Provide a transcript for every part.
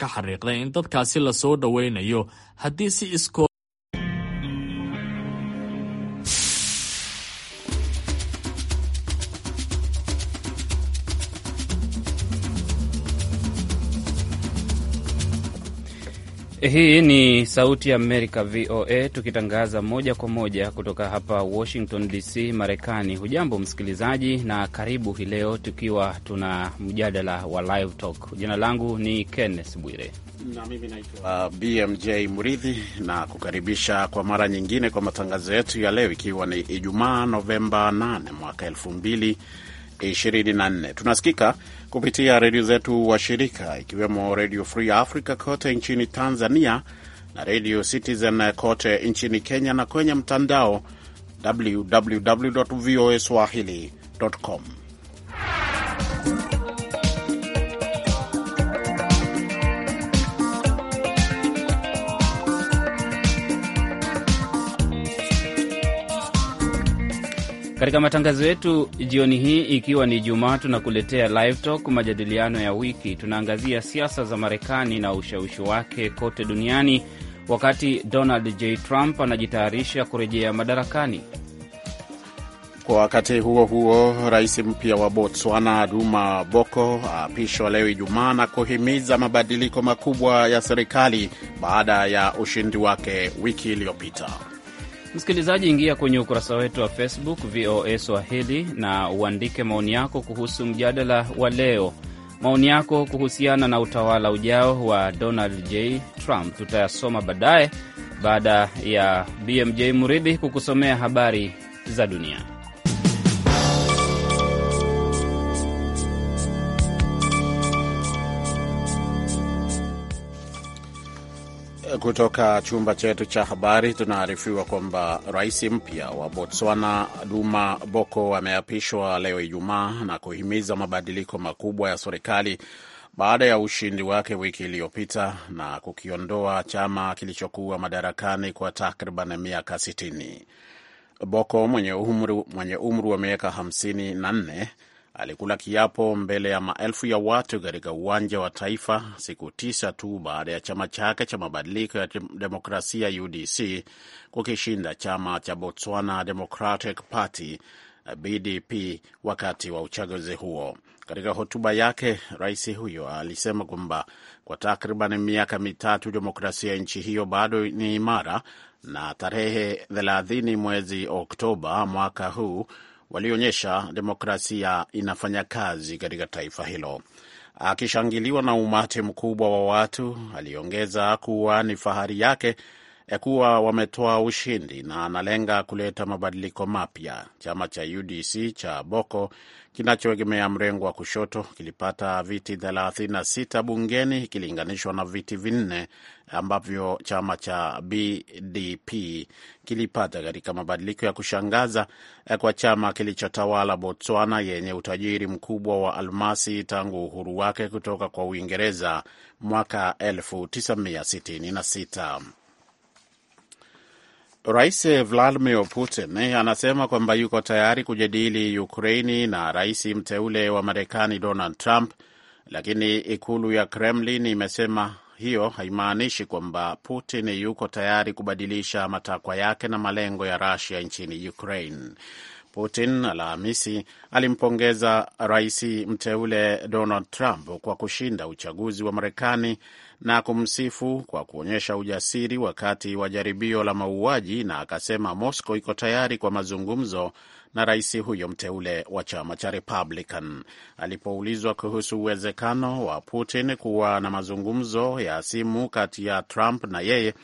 ka xariiqday in dadkaasi la soo dhoweynayo haddii si iskood Hii ni Sauti ya Amerika, VOA, tukitangaza moja kwa moja kutoka hapa Washington DC, Marekani. Hujambo msikilizaji, na karibu hii leo tukiwa tuna mjadala wa Live Talk. Jina langu ni Kenneth Bwire na mimi naitwa uh, BMJ Mridhi, na kukaribisha kwa mara nyingine kwa matangazo yetu ya leo, ikiwa ni Ijumaa Novemba 8 mwaka elfu mbili 24. Tunasikika kupitia redio zetu washirika ikiwemo Redio Free Africa kote nchini Tanzania na Redio Citizen kote nchini Kenya na kwenye mtandao www voa swahili.com. Katika matangazo yetu jioni hii, ikiwa ni Jumaa, tunakuletea Live Talk, majadiliano ya wiki. Tunaangazia siasa za Marekani na ushawishi wake kote duniani, wakati Donald J. Trump anajitayarisha kurejea madarakani. Kwa wakati huo huo, rais mpya wa Botswana Duma Boko aapishwa leo Ijumaa na kuhimiza mabadiliko makubwa ya serikali baada ya ushindi wake wiki iliyopita. Msikilizaji, ingia kwenye ukurasa wetu wa Facebook VOA Swahili na uandike maoni yako kuhusu mjadala wa leo, maoni yako kuhusiana na utawala ujao wa Donald J Trump. Tutayasoma baadaye baada ya BMJ Muridhi kukusomea habari za dunia. Kutoka chumba chetu cha habari tunaarifiwa kwamba rais mpya wa Botswana Duma Boko ameapishwa leo Ijumaa na kuhimiza mabadiliko makubwa ya serikali baada ya ushindi wake wiki iliyopita na kukiondoa chama kilichokuwa madarakani kwa takriban miaka 60. Boko mwenye umri wa miaka 54 alikula kiapo mbele ya maelfu ya watu katika uwanja wa taifa siku tisa tu baada ya chama chake cha mabadiliko ya demokrasia UDC kukishinda chama cha Botswana Democratic Party BDP wakati wa uchaguzi huo. Katika hotuba yake, rais huyo alisema kwamba kwa takriban miaka mitatu demokrasia ya nchi hiyo bado ni imara na tarehe 30 mwezi Oktoba mwaka huu walionyesha demokrasia inafanya kazi katika taifa hilo. Akishangiliwa na umati mkubwa wa watu, aliongeza kuwa ni fahari yake ya eh, kuwa wametoa ushindi na analenga kuleta mabadiliko mapya. Chama cha UDC cha Boko kinachoegemea mrengo wa kushoto kilipata viti 36 bungeni ikilinganishwa na viti vinne ambavyo chama cha BDP kilipata katika mabadiliko ya kushangaza eh, kwa chama kilichotawala Botswana yenye utajiri mkubwa wa almasi tangu uhuru wake kutoka kwa Uingereza mwaka 1966. Rais Vladimir Putin anasema kwamba yuko tayari kujadili Ukraini na rais mteule wa Marekani Donald Trump, lakini ikulu ya Kremlin imesema hiyo haimaanishi kwamba Putin yuko tayari kubadilisha matakwa yake na malengo ya Rusia nchini Ukraine. Putin Alhamisi alimpongeza rais mteule Donald Trump kwa kushinda uchaguzi wa Marekani na kumsifu kwa kuonyesha ujasiri wakati wa jaribio la mauaji, na akasema Moscow iko tayari kwa mazungumzo na rais huyo mteule wa chama cha Republican. Alipoulizwa kuhusu uwezekano wa Putin kuwa na mazungumzo ya simu kati ya Trump na yeye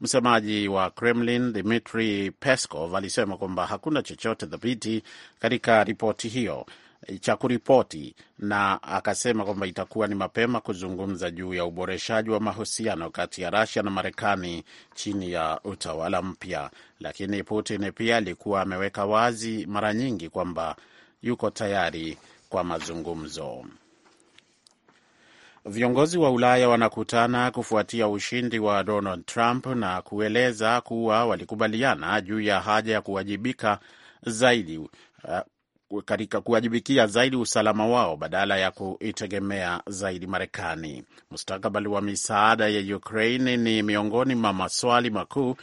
Msemaji wa Kremlin Dmitri Peskov alisema kwamba hakuna chochote thabiti katika ripoti hiyo e, cha kuripoti na akasema kwamba itakuwa ni mapema kuzungumza juu ya uboreshaji wa mahusiano kati ya rasia na Marekani chini ya utawala mpya. Lakini Putin pia alikuwa ameweka wazi mara nyingi kwamba yuko tayari kwa mazungumzo. Viongozi wa Ulaya wanakutana kufuatia ushindi wa Donald Trump na kueleza kuwa walikubaliana juu ya haja ya kuwajibika zaidi uh, katika kuwajibikia zaidi usalama wao badala ya kuitegemea zaidi Marekani. Mustakabali wa misaada ya Ukraine ni miongoni mwa maswali makuu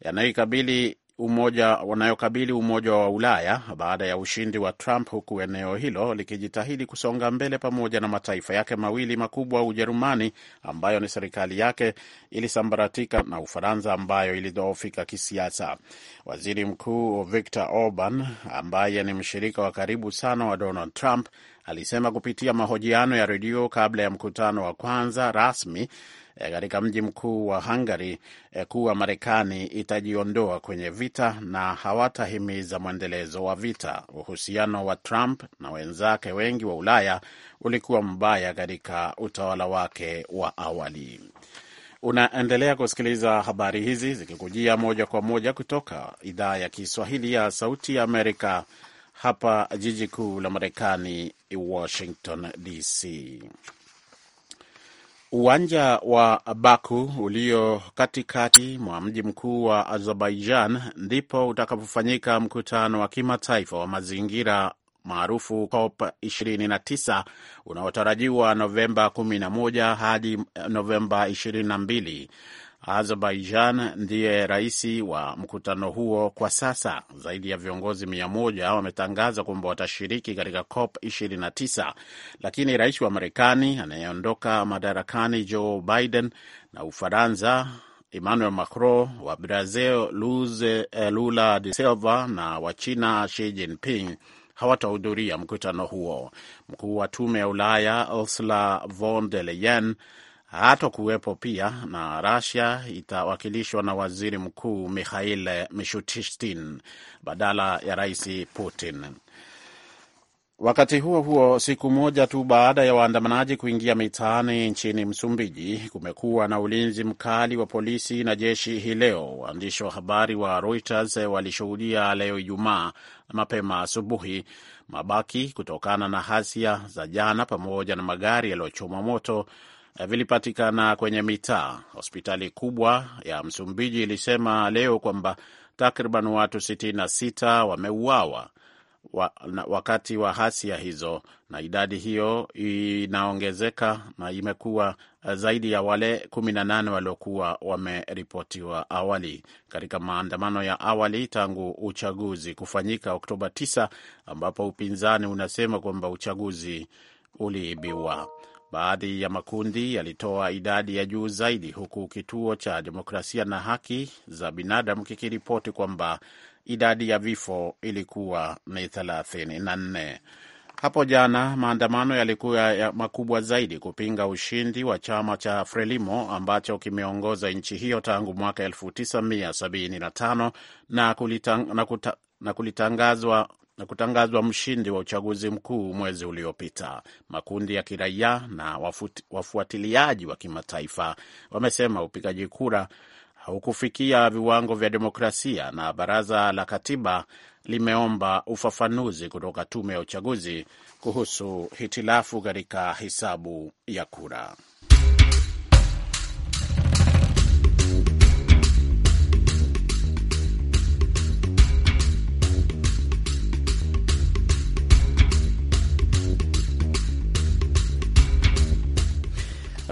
yanayoikabili umoja wanayokabili umoja wa Ulaya baada ya ushindi wa Trump, huku eneo hilo likijitahidi kusonga mbele pamoja na mataifa yake mawili makubwa, Ujerumani ambayo ni serikali yake ilisambaratika na Ufaransa ambayo ilidhoofika kisiasa. Waziri Mkuu Viktor Orban ambaye ni mshirika wa karibu sana wa Donald Trump alisema kupitia mahojiano ya redio kabla ya mkutano wa kwanza rasmi Eh, katika mji mkuu wa Hungary eh, kuwa Marekani itajiondoa kwenye vita na hawatahimiza mwendelezo wa vita. Uhusiano wa Trump na wenzake wengi wa Ulaya ulikuwa mbaya katika utawala wake wa awali. Unaendelea kusikiliza habari hizi zikikujia moja kwa moja kutoka idhaa ya Kiswahili ya Sauti ya Amerika, hapa jiji kuu la Marekani, Washington DC. Uwanja wa Baku ulio katikati mwa mji mkuu wa Azerbaijan ndipo utakapofanyika mkutano wa kimataifa wa mazingira maarufu COP 29 unaotarajiwa Novemba 11 hadi Novemba Azerbaijan ndiye rais wa mkutano huo kwa sasa. Zaidi ya viongozi mia moja wametangaza kwamba watashiriki katika COP 29 lakini rais wa Marekani anayeondoka madarakani Joe Biden na Ufaransa Emmanuel Macron, wa Brazil eh, Lula de Silva na wa China Xi Jinping hawatahudhuria mkutano huo. Mkuu wa tume ya Ulaya Ursula von der Leyen hatokuwepo pia, na Rasia itawakilishwa na waziri mkuu Mikhail Mishustin badala ya rais Putin. Wakati huo huo, siku moja tu baada ya waandamanaji kuingia mitaani nchini Msumbiji, kumekuwa na ulinzi mkali wa polisi na jeshi hii leo. Waandishi wa habari wa Reuters walishuhudia leo Ijumaa mapema asubuhi mabaki kutokana na hasia za jana, pamoja na magari yaliyochomwa moto vilipatikana kwenye mitaa. Hospitali kubwa ya Msumbiji ilisema leo kwamba takriban watu 66 wameuawa wa, wakati wa hasia hizo, na idadi hiyo inaongezeka na imekuwa eh, zaidi ya wale 18 waliokuwa wameripotiwa awali katika maandamano ya awali tangu uchaguzi kufanyika Oktoba 9, ambapo upinzani unasema kwamba uchaguzi uliibiwa. Baadhi ya makundi yalitoa idadi ya juu zaidi, huku kituo cha demokrasia na haki za binadamu kikiripoti kwamba idadi ya vifo ilikuwa ni nne Hapo jana maandamano yalikuwa ya makubwa zaidi kupinga ushindi wa chama cha Frelimo ambacho kimeongoza nchi hiyo tangu mwaka 1975 na, kulitang, na, kuta, na kulitangazwa na kutangazwa mshindi wa uchaguzi mkuu mwezi uliopita. Makundi ya kiraia na wafuatiliaji wa kimataifa wamesema upigaji kura haukufikia viwango vya demokrasia na baraza la katiba limeomba ufafanuzi kutoka tume ya uchaguzi kuhusu hitilafu katika hesabu ya kura.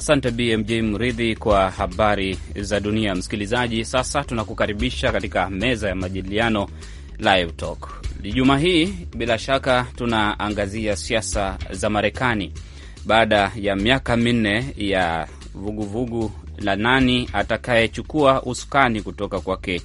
Asante BMJ Mridhi kwa habari za dunia. Msikilizaji, sasa tunakukaribisha katika meza ya majadiliano Live Talk juma hii. Bila shaka tunaangazia siasa za Marekani baada ya miaka minne ya vuguvugu vugu la nani atakayechukua usukani kutoka kwake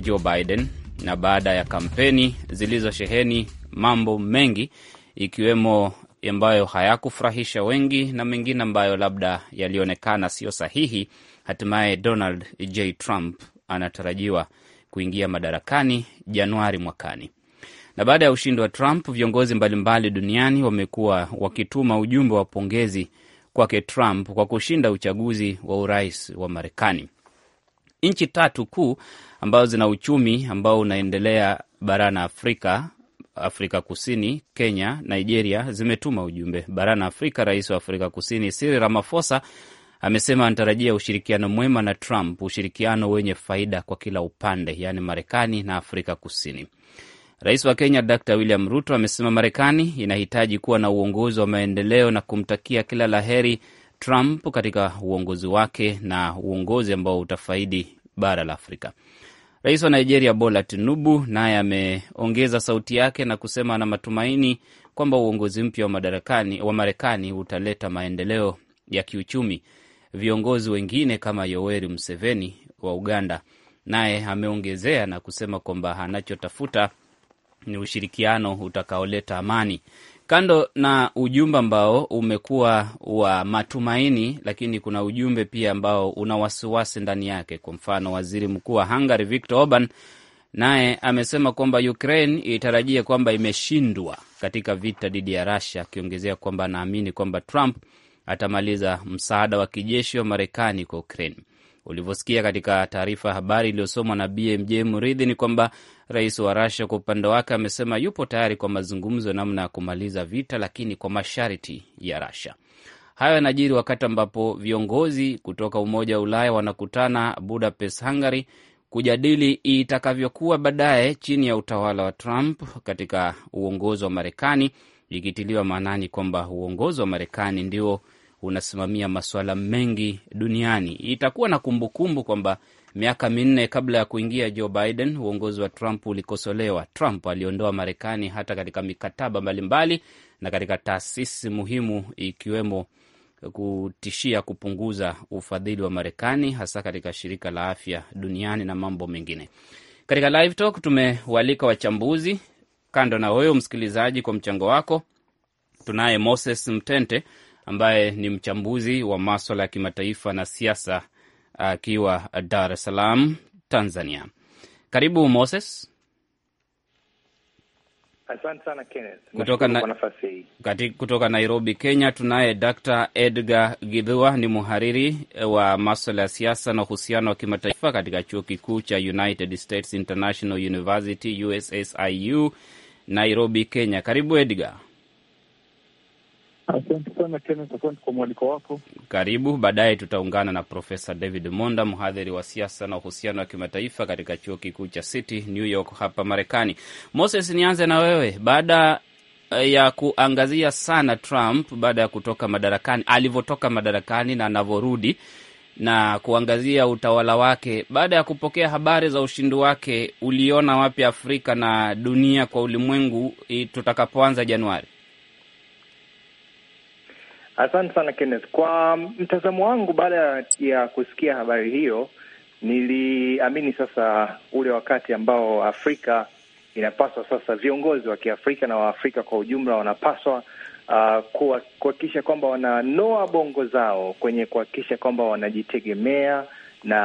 Joe Biden, na baada ya kampeni zilizosheheni mambo mengi ikiwemo ambayo hayakufurahisha wengi na mengine ambayo labda yalionekana siyo sahihi, hatimaye Donald J Trump anatarajiwa kuingia madarakani Januari mwakani. Na baada ya ushindi wa Trump, viongozi mbalimbali duniani wamekuwa wakituma ujumbe wa pongezi kwake Trump kwa kushinda uchaguzi wa urais wa Marekani. Nchi tatu kuu ambazo zina uchumi ambao unaendelea barani Afrika Afrika Kusini, Kenya, Nigeria zimetuma ujumbe. Barani Afrika, rais wa Afrika Kusini Cyril Ramaphosa amesema anatarajia ushirikiano mwema na Trump, ushirikiano wenye faida kwa kila upande, yaani Marekani na Afrika Kusini. Rais wa Kenya Dr William Ruto amesema Marekani inahitaji kuwa na uongozi wa maendeleo na kumtakia kila la heri Trump katika uongozi wake na uongozi ambao utafaidi bara la Afrika. Rais wa Nigeria Bola Tinubu naye ameongeza sauti yake na kusema ana matumaini kwamba uongozi mpya wa madarakani wa Marekani utaleta maendeleo ya kiuchumi. Viongozi wengine kama Yoweri Museveni wa Uganda naye ameongezea na kusema kwamba anachotafuta ni ushirikiano utakaoleta amani. Kando na ujumbe ambao umekuwa wa matumaini, lakini kuna ujumbe pia ambao una wasiwasi ndani yake. Kwa mfano, waziri mkuu wa Hungary Viktor Orban naye amesema kwamba Ukraine itarajia kwamba imeshindwa katika vita dhidi ya Russia, akiongezea kwamba anaamini kwamba Trump atamaliza msaada wa kijeshi wa Marekani kwa Ukraine ulivyosikia katika taarifa ya habari iliyosomwa na BMJ Mridhi ni kwamba rais wa rasia kwa upande wake amesema yupo tayari kwa mazungumzo namna ya kumaliza vita, lakini kwa masharti ya rasia Hayo yanajiri wakati ambapo viongozi kutoka Umoja wa Ulaya wanakutana Budapest, Hungary kujadili itakavyokuwa baadaye chini ya utawala wa Trump katika uongozi wa Marekani, ikitiliwa maanani kwamba uongozi wa Marekani ndio unasimamia masuala mengi duniani. Itakuwa na kumbukumbu kwamba miaka minne kabla ya kuingia Joe Biden, uongozi wa Trump ulikosolewa. Trump aliondoa Marekani hata katika mikataba mbalimbali na katika taasisi muhimu ikiwemo kutishia kupunguza ufadhili wa Marekani hasa katika shirika la afya duniani na mambo mengine. Katika live talk tumewalika wachambuzi kando na wewe msikilizaji kwa mchango wako. Tunaye Moses Mtente ambaye ni mchambuzi wa maswala ya kimataifa na siasa akiwa Dar es Salaam, Tanzania. Karibu Moses. Asante sana Kenneth kutoka, na, kati, kutoka Nairobi, Kenya. Tunaye Dr Edgar gidhua ni mhariri e, wa maswala ya siasa na uhusiano wa kimataifa katika chuo kikuu cha United States International University, USSIU, Nairobi, Kenya. Karibu Edgar. Asante sana Kenneth, asante kwa mwaliko wako. Karibu. Baadaye tutaungana na Profesa David Monda, mhadhiri wa siasa na uhusiano wa kimataifa katika chuo kikuu cha City New York hapa Marekani. Moses, nianze na wewe. Baada eh, ya kuangazia sana Trump baada ya kutoka madarakani, alivyotoka madarakani na anavyorudi na kuangazia utawala wake, baada ya kupokea habari za ushindi wake, uliona wapi Afrika na dunia kwa ulimwengu eh, tutakapoanza Januari? Asante sana Kenneth. Kwa mtazamo wangu, baada ya kusikia habari hiyo, niliamini sasa ule wakati ambao Afrika inapaswa sasa, viongozi wa Kiafrika na Waafrika kwa ujumla wanapaswa uh, kuhakikisha kwamba wananoa bongo zao kwenye kuhakikisha kwamba wanajitegemea na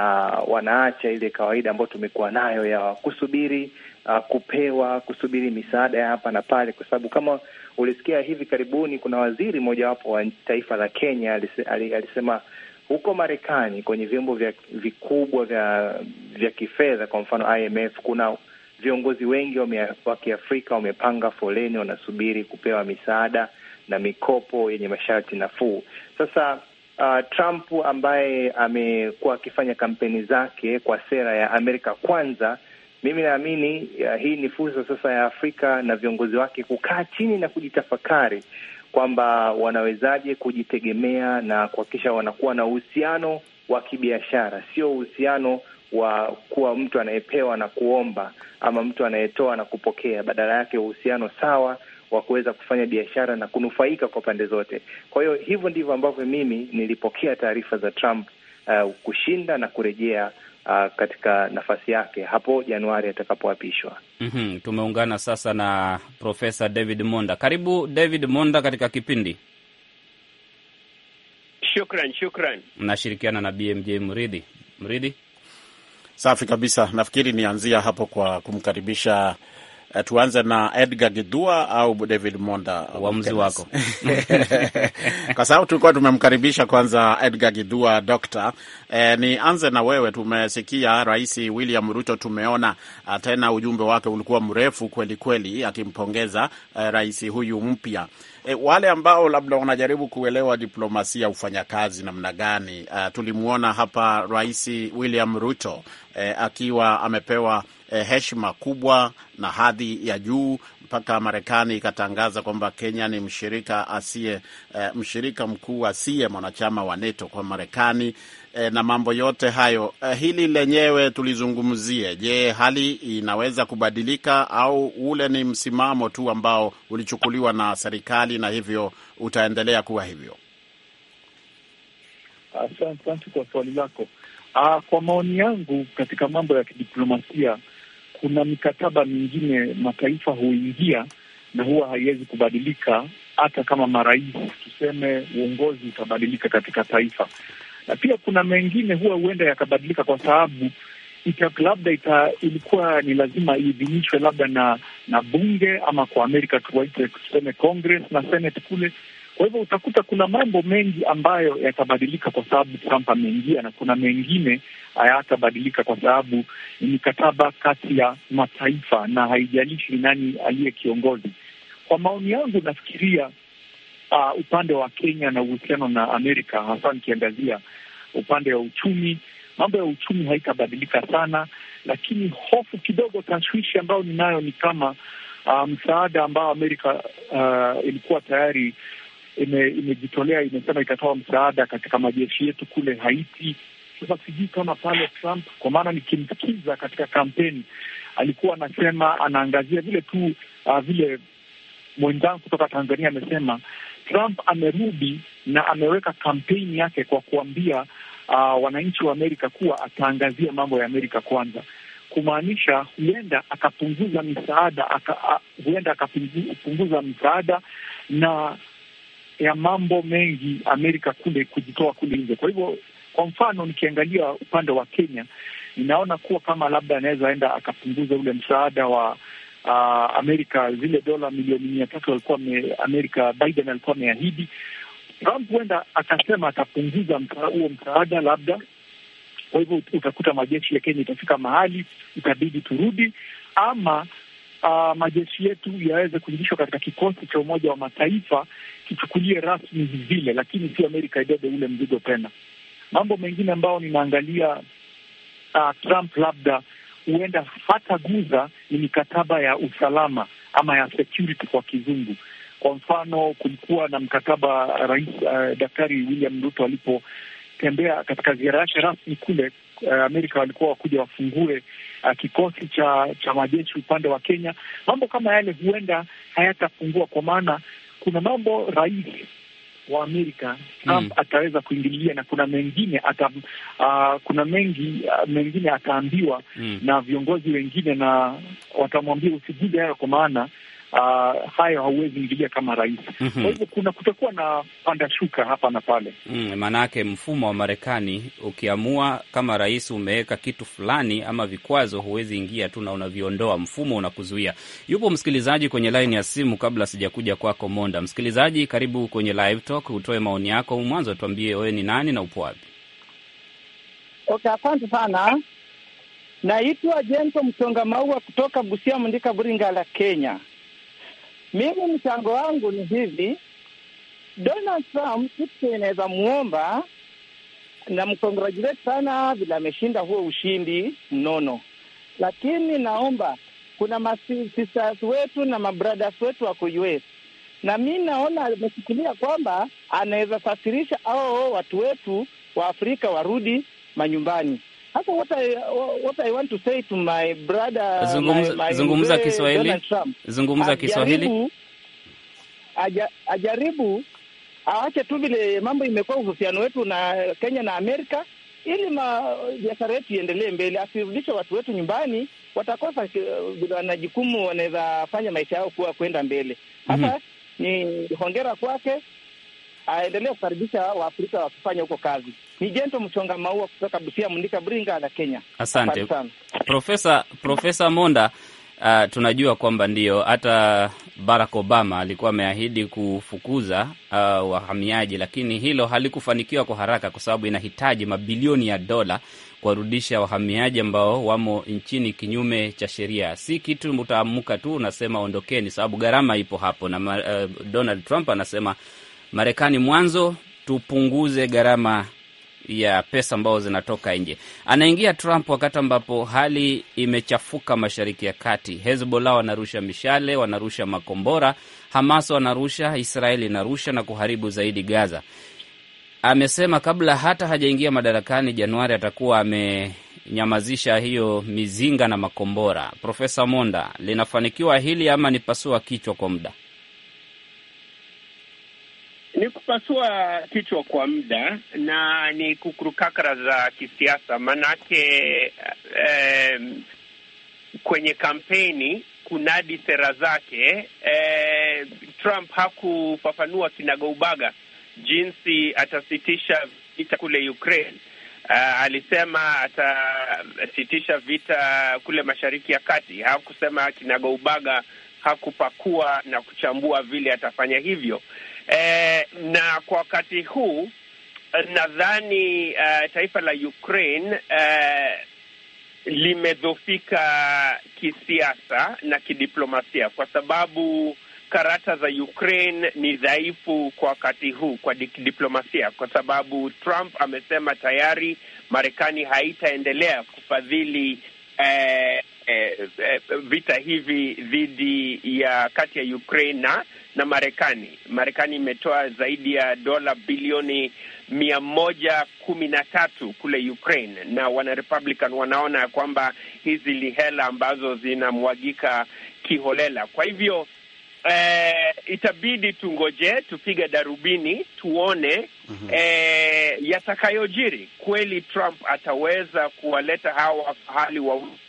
wanaacha ile kawaida ambayo tumekuwa nayo ya kusubiri uh, kupewa, kusubiri misaada ya hapa na pale, kwa sababu kama ulisikia hivi karibuni, kuna waziri mmojawapo wa taifa la Kenya alisema huko Marekani kwenye vyombo vya vikubwa vya vya kifedha, kwa mfano IMF, kuna viongozi wengi wa Kiafrika wamepanga foleni, wanasubiri kupewa misaada na mikopo yenye masharti nafuu. Sasa uh, Trump ambaye amekuwa akifanya kampeni zake kwa sera ya Amerika kwanza mimi naamini hii ni fursa sasa ya Afrika na viongozi wake kukaa chini na kujitafakari kwamba wanawezaje kujitegemea na kuhakikisha wanakuwa na uhusiano wa kibiashara, sio uhusiano wa kuwa mtu anayepewa na kuomba ama mtu anayetoa na kupokea, badala yake uhusiano sawa wa kuweza kufanya biashara na kunufaika kwa pande zote. Kwa hiyo hivyo ndivyo ambavyo mimi nilipokea taarifa za Trump uh, kushinda na kurejea uh, katika nafasi yake hapo Januari atakapoapishwa. mm -hmm. Tumeungana sasa na Profesa David Monda. Karibu David Monda katika kipindi. Shukran, shukran. Nashirikiana na BMJ Mridhi. Mridhi, safi kabisa. Nafikiri nianzia hapo kwa kumkaribisha Eh, tuanze na Edgar Gidua au David Monda, uh, uamuzi wako. Kwa sababu tulikuwa tumemkaribisha kwanza Edgar Gidua dokta. E, eh, nianze na wewe. Tumesikia Rais William Ruto, tumeona uh, tena ujumbe wake ulikuwa mrefu kweli kweli, akimpongeza e, rais huyu mpya. E, wale ambao labda wanajaribu kuelewa diplomasia ufanya kazi namna gani, uh, tulimwona hapa Rais William Ruto e, akiwa amepewa Eh, heshima kubwa na hadhi ya juu mpaka Marekani ikatangaza kwamba Kenya ni mshirika asiye eh, mshirika mkuu asiye mwanachama wa NATO kwa Marekani eh, na mambo yote hayo eh, hili lenyewe tulizungumzie. Je, hali inaweza kubadilika au ule ni msimamo tu ambao ulichukuliwa na serikali na hivyo utaendelea kuwa hivyo? Asante kwa swali lako. Aa, ah, kwa maoni yangu katika mambo ya kidiplomasia kuna mikataba mingine mataifa huingia na huwa haiwezi kubadilika hata kama marais tuseme uongozi utabadilika katika taifa, na pia kuna mengine huwa huenda yakabadilika kwa sababu ita, labda ita, ilikuwa ni lazima iidhinishwe labda na na bunge ama kwa Amerika tuwaite tuseme Congress na Senate kule kwa hivyo utakuta kuna mambo mengi ambayo yatabadilika kwa sababu Trump ameingia, na kuna mengine hayatabadilika kwa sababu ni mikataba kati ya mataifa na haijalishi nani aliye kiongozi. Kwa maoni yangu, nafikiria uh, upande wa Kenya na uhusiano na Amerika, hasa nikiangazia upande wa uchumi, mambo ya uchumi haitabadilika sana, lakini hofu kidogo, tashwishi ambayo ninayo ni kama uh, msaada ambao Amerika uh, ilikuwa tayari imejitolea ime imesema itatoa msaada katika majeshi yetu kule Haiti. Sasa sijui kama pale Trump, kwa maana nikimsikiza katika kampeni alikuwa anasema anaangazia vile tu uh, vile mwenzangu kutoka Tanzania amesema Trump amerudi na ameweka kampeni yake kwa kuambia uh, wananchi wa Amerika kuwa ataangazia mambo ya Amerika kwanza, kumaanisha huenda akapunguza misaada aka, uh, huenda akapunguza misaada na ya mambo mengi Amerika kule kujitoa kule nje. Kwa hivyo, kwa mfano, nikiangalia upande wa Kenya, ninaona kuwa kama labda anaweza enda akapunguza ule msaada wa uh, Amerika, zile dola milioni mia tatu alikuwa Amerika Biden alikuwa ameahidi. Trump huenda akasema atapunguza huo msaada labda kwa hivyo utakuta majeshi ya Kenya itafika mahali itabidi turudi, ama uh, majeshi yetu yaweze kuingishwa katika kikosi cha Umoja wa Mataifa kichukulie rasmi vile, lakini si Amerika ibebe ule mzigo tena. Mambo mengine ambayo ninaangalia uh, Trump labda huenda hata guza ni mikataba ya usalama ama ya security kwa kizungu. Kwa mfano, kulikuwa na mkataba rais uh, Daktari William Ruto alipotembea katika ziara yake rasmi kule Eh, Amerika walikuwa wakuja wafungue uh, kikosi cha cha majeshi upande wa Kenya. Mambo kama yale huenda hayatapungua, kwa maana kuna mambo rais wa Amerika Trump mm, ataweza kuingililia na kuna mengine ata, uh, kuna mengi uh, mengine ataambiwa mm, na viongozi wengine na watamwambia usijili hayo, kwa maana uh, hayo hawezi ingilia kama rais. Kwa mhm. hivyo -hmm. kuna kutakuwa na panda shuka hapa na pale mm, mfumo wa Marekani ukiamua kama rais umeweka kitu fulani ama vikwazo, huwezi ingia tu na unaviondoa, mfumo unakuzuia. Yupo msikilizaji kwenye laini ya simu, kabla sijakuja kwako Monda. Msikilizaji, karibu kwenye Live Talk, utoe maoni yako. Mwanzo tuambie wewe ni nani na upo wapi? Okay, asante sana. Naitwa jento Mtonga Maua kutoka Busia Mndika, Buringa la Kenya. Mimi mchango wangu ni hivi, Donald Trump kitu inaweza muomba na mkongratulate sana vile ameshinda huo ushindi mnono, lakini naomba kuna masisters wetu na mabrothers wetu wako US na mi naona amechukulia kwamba anaweza safirisha ao watu wetu wa Afrika warudi manyumbani. Sasa what I, what I want to say to my brother, zungumza, my, my zungumza Kiswahili, zungumza Kiswahili, ajaribu aache tu vile mambo imekuwa uhusiano wetu na Kenya na Amerika, ili biashara yetu iendelee mbele, asirudishe watu wetu nyumbani, watakosa vile uh, wanajukumu, wanaweza fanya maisha yao kuwa kwenda mbele. Hasa mm -hmm. ni hongera kwake aendelee ah, kukaribisha Waafrika wakifanya huko kazi. Ni Jento Mchonga Maua kutoka Busia, Mndika, na Kenya. Asante Profesa Profesa Monda. Uh, tunajua kwamba ndiyo hata Barack Obama alikuwa ameahidi kufukuza uh, wahamiaji, lakini hilo halikufanikiwa kwa haraka, kwa sababu inahitaji mabilioni ya dola kuwarudisha wahamiaji ambao wamo nchini kinyume cha sheria. Si kitu utaamuka tu unasema ondokeni, sababu gharama ipo hapo, na uh, Donald Trump anasema Marekani mwanzo, tupunguze gharama ya pesa ambazo zinatoka nje. Anaingia Trump wakati ambapo hali imechafuka mashariki ya kati. Hezbollah wanarusha mishale, wanarusha makombora, Hamas wanarusha, Israeli inarusha na kuharibu zaidi Gaza. Amesema kabla hata hajaingia madarakani Januari atakuwa amenyamazisha hiyo mizinga na makombora. Profesa Monda, linafanikiwa hili ama ni pasua kichwa kwa muda? Ni kupasua kichwa kwa muda na ni kukurukakara za kisiasa, manake um, kwenye kampeni kunadi sera zake eh, Trump hakufafanua kinagaubaga jinsi atasitisha vita kule Ukraine. Uh, alisema atasitisha vita kule Mashariki ya Kati. Hakusema kinagaubaga, hakupakua na kuchambua vile atafanya hivyo. E, na kwa wakati huu eh, nadhani uh, taifa la Ukraine uh, limedhofika kisiasa na kidiplomasia kwa sababu karata za Ukraine ni dhaifu kwa wakati huu kwa diplomasia, kwa sababu Trump amesema tayari Marekani haitaendelea kufadhili eh, eh, vita hivi dhidi ya kati ya Ukraine na na Marekani. Marekani imetoa zaidi ya dola bilioni mia moja kumi na tatu kule Ukraine, na wanarepublican wanaona ya kwamba hizi ni hela ambazo zinamwagika kiholela. Kwa hivyo eh, itabidi tungoje, tupige darubini, tuone mm -hmm. eh, yatakayojiri. Kweli Trump ataweza kuwaleta hawa fahali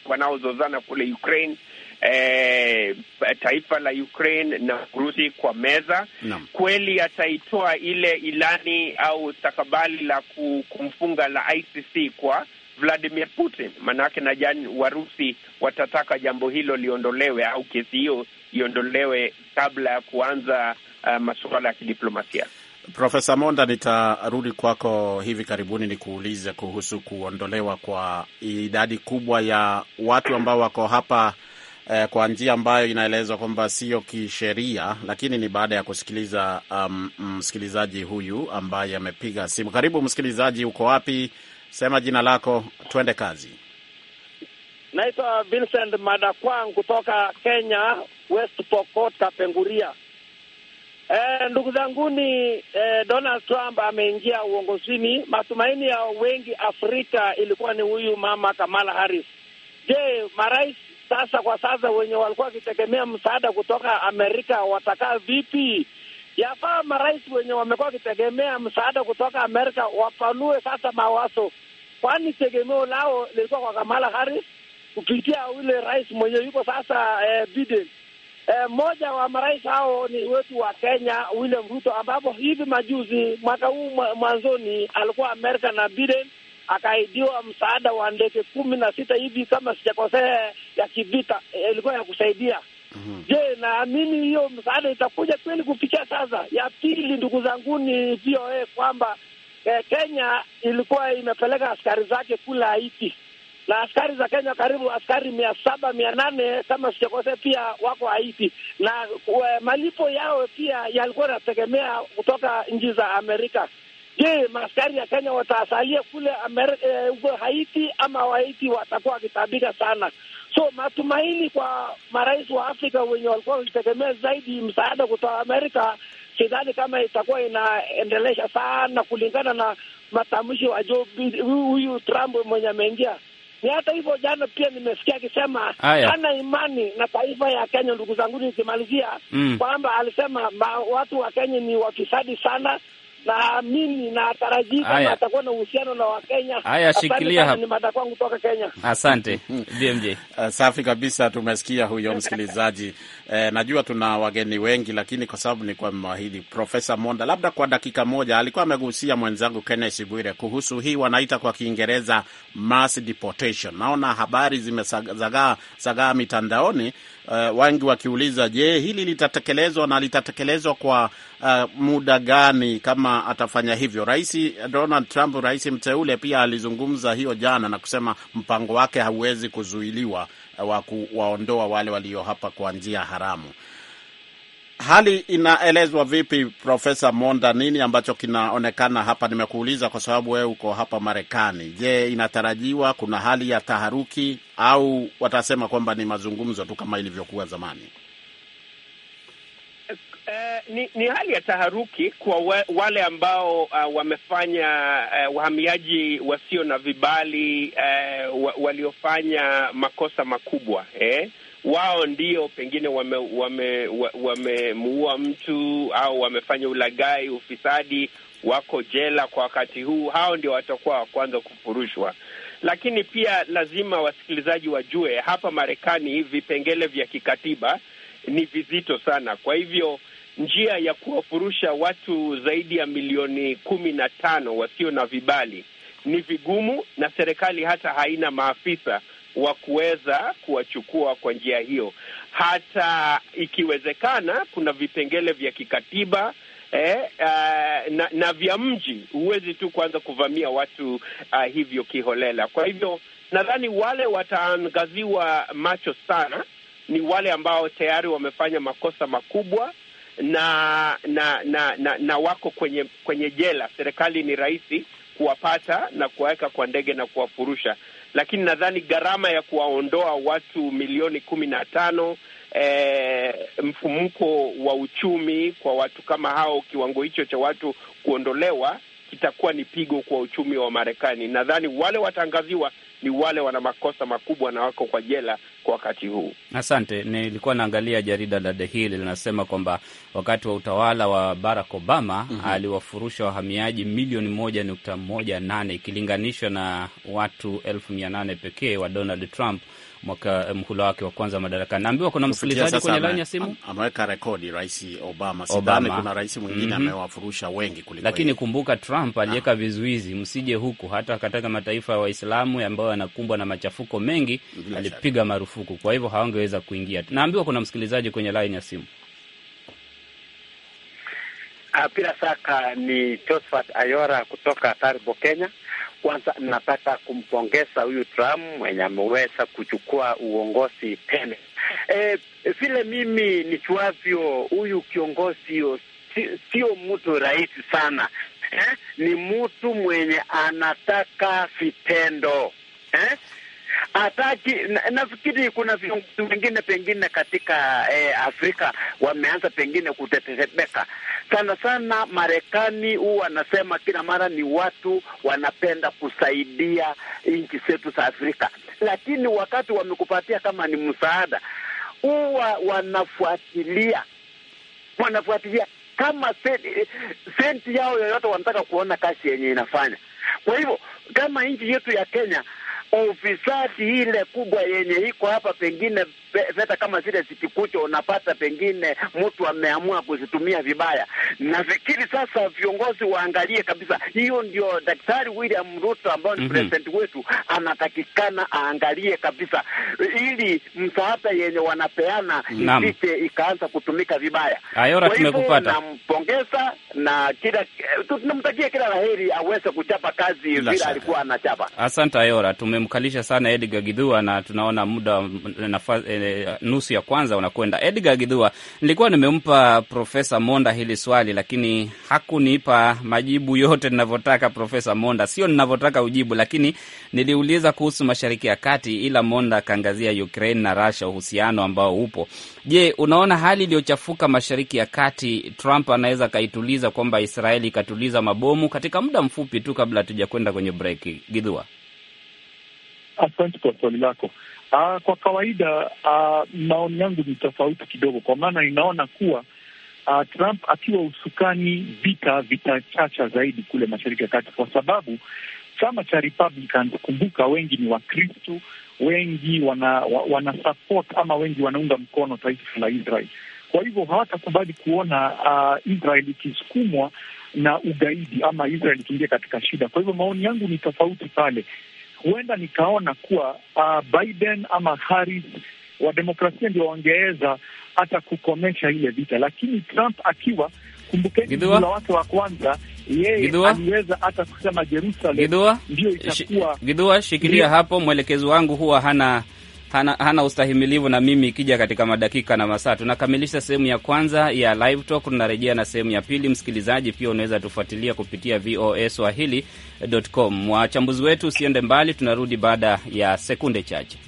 wanaozozana kule Ukraine eh, taifa la Ukraine na Urusi kwa meza no. Kweli ataitoa ile ilani au stakabali la kumfunga la ICC kwa Vladimir Putin, maanake najani Warusi watataka jambo hilo liondolewe au kesi hiyo iondolewe kabla ya kuanza uh, masuala ya kidiplomasia. Profesa Monda, nitarudi kwako hivi karibuni nikuulize kuhusu kuondolewa kwa idadi kubwa ya watu ambao wako hapa eh, kwa njia ambayo inaelezwa kwamba sio kisheria, lakini ni baada ya kusikiliza um, msikilizaji huyu ambaye amepiga simu. Karibu msikilizaji, uko wapi? Sema jina lako, twende kazi. Naitwa Vincent Madakwang kutoka Kenya, West Pokot, Kapenguria. E, ndugu zanguni, e, eh, Donald Trump ameingia uongozini. Matumaini ya wengi Afrika ilikuwa ni huyu mama Kamala Harris. Je, marais sasa kwa sasa wenye walikuwa wakitegemea msaada kutoka Amerika watakaa vipi? Yafaa marais wenye wamekuwa wakitegemea msaada kutoka Amerika wapanue sasa mawazo, kwani tegemeo lao lilikuwa kwa Kamala Harris kupitia ule rais mwenye yuko sasa eh, Biden. Eh, mmoja wa marais hao ni wetu wa Kenya William Ruto, ambapo hivi majuzi mwaka huu mwanzoni alikuwa Amerika na Biden akaidiwa msaada wa ndege kumi na sita hivi kama sijakosea, ya kivita e, ilikuwa ya kusaidia Mm -hmm. Je, naamini hiyo msaada itakuja kweli kufikia sasa? Ya pili, ndugu zangu, ni VOA kwamba eh, Kenya ilikuwa imepeleka askari zake kule Haiti na askari za Kenya karibu askari mia saba mia nane kama sijakosea pia wako Haiti na we, malipo yao pia yalikuwa yanategemea kutoka nchi za Amerika. Je, maaskari ya Kenya watasalia kule eh, huko eh, Haiti ama Wahaiti watakuwa wakitabika sana? So matumaini kwa marais wa Afrika wenye walikuwa wakitegemea zaidi msaada kutoka Amerika, sidhani kama itakuwa inaendelesha sana, kulingana na matamshi wa huyu Trump mwenye ameingia ni hata hivyo, jana pia nimesikia akisema hana imani na taifa ya Kenya. Ndugu zangu, nikimalizia mm, kwamba alisema ma, watu wa Kenya ni wafisadi sana, naamini na atarajii kama atakuwa na uhusiano na Wakenya. Haya, shikilia hapo, ni mada kwangu kutoka Kenya. Asante hmm. BMJ. Uh, eh, safi kabisa, tumesikia huyo msikilizaji. Eh, najua tuna wageni wengi, lakini kwa sababu kwa mmewahidi Profesa Monda, labda kwa dakika moja, alikuwa amegusia mwenzangu Kenneth Bwire kuhusu hii wanaita kwa Kiingereza mass deportation. Naona habari zimesagaa sagaa mitandaoni uh, wengi wakiuliza, je, hili litatekelezwa na litatekelezwa kwa uh, muda gani kama atafanya hivyo? Rais eh, Donald Trump, rais mteule, pia alizungumza hiyo jana na kusema mpango wake hauwezi kuzuiliwa wa kuwaondoa wale walio hapa kwa njia haramu hali inaelezwa vipi, Profesa Monda? Nini ambacho kinaonekana hapa? Nimekuuliza kwa sababu wewe uko hapa Marekani. Je, inatarajiwa kuna hali ya taharuki au watasema kwamba ni mazungumzo tu kama ilivyokuwa zamani? Uh, ni, ni hali ya taharuki kwa we, wale ambao uh, wamefanya uh, wahamiaji wasio na vibali uh, wa, waliofanya makosa makubwa eh? wao ndio pengine wamemuua wame, wame mtu au wamefanya ulagai ufisadi, wako jela kwa wakati huu, hao ndio watakuwa wa kwanza kufurushwa. Lakini pia lazima wasikilizaji wajue hapa Marekani vipengele vya kikatiba ni vizito sana. Kwa hivyo njia ya kuwafurusha watu zaidi ya milioni kumi na tano wasio na vibali ni vigumu, na serikali hata haina maafisa wa kuweza kuwachukua kwa njia hiyo. Hata ikiwezekana, kuna vipengele vya kikatiba eh, uh, na, na vya mji. Huwezi tu kuanza kuvamia watu uh, hivyo kiholela. Kwa hivyo nadhani wale wataangaziwa macho sana ni wale ambao tayari wamefanya makosa makubwa na na na na, na wako kwenye kwenye jela. Serikali ni rahisi kuwapata na kuwaweka kwa ndege na kuwafurusha lakini nadhani gharama ya kuwaondoa watu milioni kumi na tano E, mfumuko wa uchumi kwa watu kama hao, kiwango hicho cha watu kuondolewa kitakuwa ni pigo kwa uchumi wa Marekani. Nadhani wale wataangaziwa ni wale wana makosa makubwa na wako kwa jela kwa wakati huu. Asante. Nilikuwa naangalia jarida la The Hill linasema kwamba wakati wa utawala wa Barack Obama mm -hmm. aliwafurusha wahamiaji milioni moja nukta moja nane ikilinganishwa na watu elfu mia nane pekee wa Donald Trump mwaka eh, mhula wake wa kwanza madarakani. Naambiwa kuna msikilizaji kwenye laini ya simu ameweka rekodi, rais Obama. Sidhani kuna rais mwingine mm -hmm. wengi kuliko, lakini kumbuka Trump aliweka ah. vizuizi, msije huku. Hata katika mataifa ya wa Waislamu ambayo yanakumbwa na machafuko mengi alipiga shari. marufuku, kwa hivyo hawangeweza kuingia. Naambiwa kuna msikilizaji kwenye laini ya simu. Ah, bila shaka ni Josephat Ayora kutoka Taribo, Kenya. Kwanza nataka kumpongeza huyu Trump mwenye ameweza kuchukua uongozi tena. E, vile mimi nichuavyo, huyu kiongozi sio mtu rahisi sana eh? Ni mtu mwenye anataka vitendo eh? hataki. Nafikiri kuna viongozi wengine pengine katika eh, Afrika wameanza pengine kutetemeka sana sana. Marekani huwa wanasema kila mara ni watu wanapenda kusaidia nchi zetu za Afrika, lakini wakati wamekupatia kama ni msaada, huwa wanafuatilia wanafuatilia kama senti, senti yao yoyote, wanataka kuona kazi yenye inafanya. Kwa hivyo kama nchi yetu ya Kenya ofisati ile kubwa yenye iko hapa, pengine fedha kama zile zikikuja, unapata pengine mtu ameamua kuzitumia vibaya. Nafikiri sasa viongozi waangalie kabisa, hiyo ndio Daktari William Ruto ambayo ni mm -hmm. president wetu anatakikana aangalie kabisa, ili msaada yenye wanapeana isije ikaanza kutumika vibaya. Ayora, tumekupata. Nampongeza na kila tunamtakia kila laheri aweze kuchapa kazi vile alikuwa anachapa. Asante Ayora, tumemkalisha sana Edgar Gidhua na tunaona muda nafasi eh, nusu ya kwanza unakwenda. Edgar Gidhua, nilikuwa nimempa Profesa Monda hili swali, lakini hakunipa majibu yote ninavyotaka. Profesa Monda, sio ninavyotaka ujibu, lakini niliuliza kuhusu Mashariki ya Kati, ila Monda akaangazia Ukraine na Russia, uhusiano ambao upo. Je, unaona hali iliyochafuka Mashariki ya Kati, Trump anaweza akaituliza, kwamba Israeli ikatuliza mabomu katika muda mfupi tu, kabla hatuja kwenda kwenye break? Gidhua, asante kwa swali lako. Aa, ah, kwa kawaida ah, maoni yangu ni tofauti kidogo, kwa maana ninaona kuwa aa, ah, Trump akiwa usukani vita vitachacha zaidi kule Mashariki ya Kati kwa sababu chama cha Republican, kumbuka, wengi ni Wakristo, wengi wana, wana support ama wengi wanaunga mkono taifa la Israel. Kwa hivyo hawatakubali kuona uh, Israel ikisukumwa na ugaidi ama Israel ikiingia katika shida. Kwa hivyo maoni yangu ni tofauti pale huenda nikaona kuwa uh, Biden ama Harris wa demokrasia ndio wangeweza hata kukomesha ile vita, lakini Trump akiwa, kumbukeni mula wake wa kwanza yeye aliweza hata kusema Jerusalem ndio itakuwa. Gidua, shikilia hapo, mwelekezo wangu huwa hana hana, hana ustahimilivu na mimi ikija katika madakika na masaa. Tunakamilisha sehemu ya kwanza ya Live Talk, tunarejea na sehemu ya pili. Msikilizaji pia unaweza tufuatilia kupitia VOA Swahili.com. Wachambuzi wetu, usiende mbali, tunarudi baada ya sekunde chache.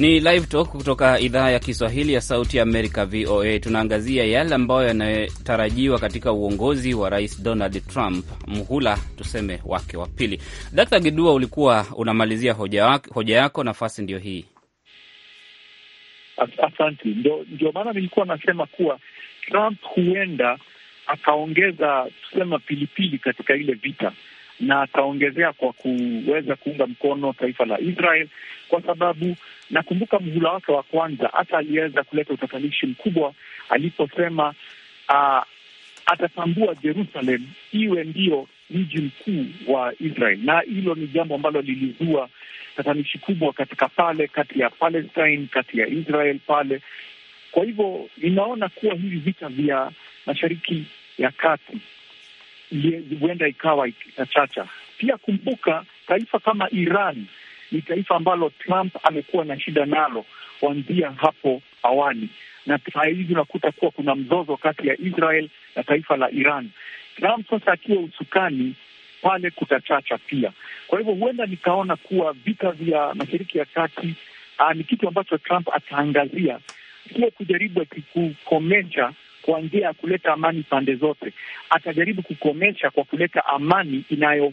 Ni Live Talk kutoka idhaa ya Kiswahili ya Sauti ya Amerika, VOA. Tunaangazia yale ambayo yanayotarajiwa katika uongozi wa Rais Donald Trump, mhula tuseme wake wa pili. Dkt Gidua, ulikuwa unamalizia hoja, hoja yako, nafasi ndio hii. Asante. Ndio, ndio maana nilikuwa nasema kuwa Trump huenda akaongeza tusema pilipili katika ile vita na akaongezea kwa kuweza kuunga mkono taifa la Israel kwa sababu nakumbuka mhula wake wa kwanza hata aliweza kuleta utatanishi mkubwa aliposema uh, atatambua Jerusalem iwe ndio mji mkuu wa Israel, na hilo ni jambo ambalo lilizua tatanishi kubwa katika pale kati ya Palestine, kati ya Israel pale. Kwa hivyo ninaona kuwa hivi vita vya Mashariki ya Kati huenda ikawa eh, chacha. Pia kumbuka, taifa kama Iran ni taifa ambalo Trump amekuwa na shida nalo kuanzia hapo awali, na saa hizi unakuta kuwa kuna mzozo kati ya Israel na taifa la Iran. Trump sasa akiwa usukani pale kutachacha pia. Kwa hivyo huenda nikaona kuwa vita vya Mashariki ya Kati ah, ni kitu ambacho Trump ataangazia, sio kujaribu akikukomesha kwa njia ya kuleta amani pande zote. Atajaribu kukomesha kwa kuleta amani inayo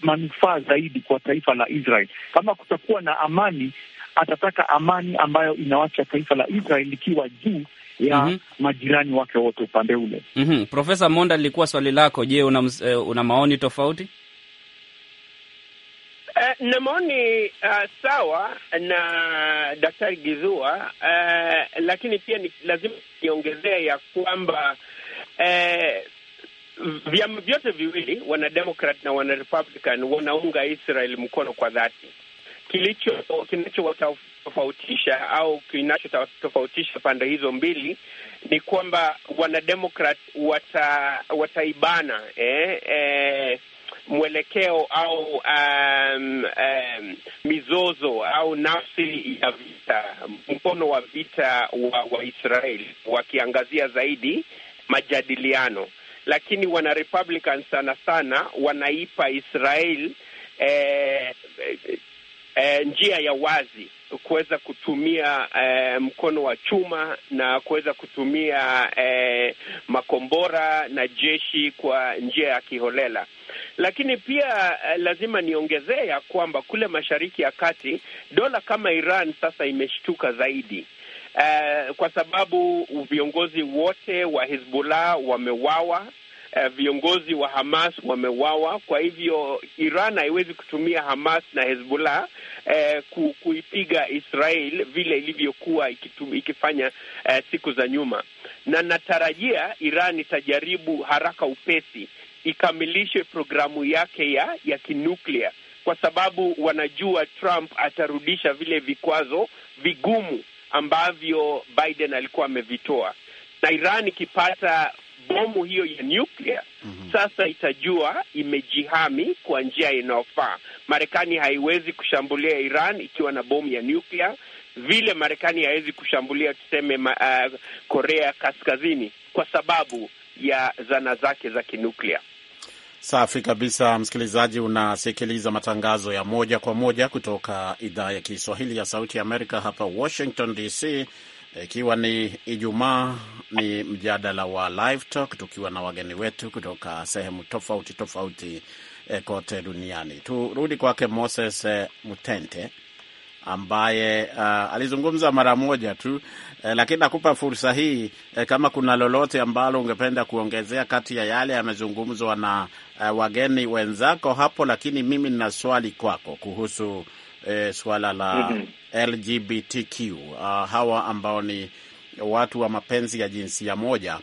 manufaa zaidi kwa taifa la Israel. Kama kutakuwa na amani, atataka amani ambayo inawacha taifa la Israel likiwa juu ya mm -hmm. majirani wake wote upande ule. mm -hmm. Profesa Monda, lilikuwa swali lako. Je, una, eh, una maoni tofauti? Uh, na maoni uh, sawa na Daktari Gizua uh, lakini pia ni lazima niongezea ya kwamba uh, vyama vyote viwili wanademokrat na wanarepublican wanaunga Israel mkono kwa dhati. Kilicho kinachowatofautisha au kinachotofautisha pande hizo mbili ni kwamba wanademokrat wata, wataibana eh, eh, mwelekeo au um, um, mizozo au nafsi ya vita, mkono wa vita wa waisrael wakiangazia zaidi majadiliano, lakini wana Republican sana sana wanaipa Israel eh, e, njia ya wazi kuweza kutumia e, mkono wa chuma na kuweza kutumia e, makombora na jeshi kwa njia ya kiholela. Lakini pia lazima ya kwamba kule Mashariki ya Kati dola kama Iran sasa imeshtuka zaidi. Uh, kwa sababu viongozi wote wa Hezbollah wamewawa eh, viongozi wa Hamas wamewawa. Kwa hivyo Iran haiwezi kutumia Hamas na Hezbollah eh, kuipiga Israel vile ilivyokuwa ikifanya eh, siku za nyuma, na natarajia Iran itajaribu haraka upesi ikamilishe programu yake ya ya kinuklia kwa sababu wanajua Trump atarudisha vile vikwazo vigumu ambavyo Biden alikuwa amevitoa, na Iran ikipata bomu hiyo ya nyuklia mm -hmm. Sasa itajua imejihami kwa njia inayofaa. Marekani haiwezi kushambulia Iran ikiwa na bomu ya nyuklia vile Marekani haiwezi kushambulia tuseme, uh, Korea Kaskazini kwa sababu ya zana zake za kinuklia. Safi kabisa, msikilizaji, unasikiliza matangazo ya moja kwa moja kutoka idhaa ya Kiswahili ya Sauti ya Amerika hapa Washington DC ikiwa ni Ijumaa, ni mjadala wa Live Talk tukiwa na wageni wetu kutoka sehemu tofauti tofauti e, kote duniani. Turudi kwake Moses e, Mutente ambaye uh, alizungumza mara moja tu eh, lakini nakupa fursa hii eh, kama kuna lolote ambalo ungependa kuongezea kati ya yale yamezungumzwa na eh, wageni wenzako hapo, lakini mimi nina swali kwako kuhusu eh, suala la mm -hmm. LGBTQ, uh, ah, hawa ambao ni watu wa mapenzi ya jinsia moja.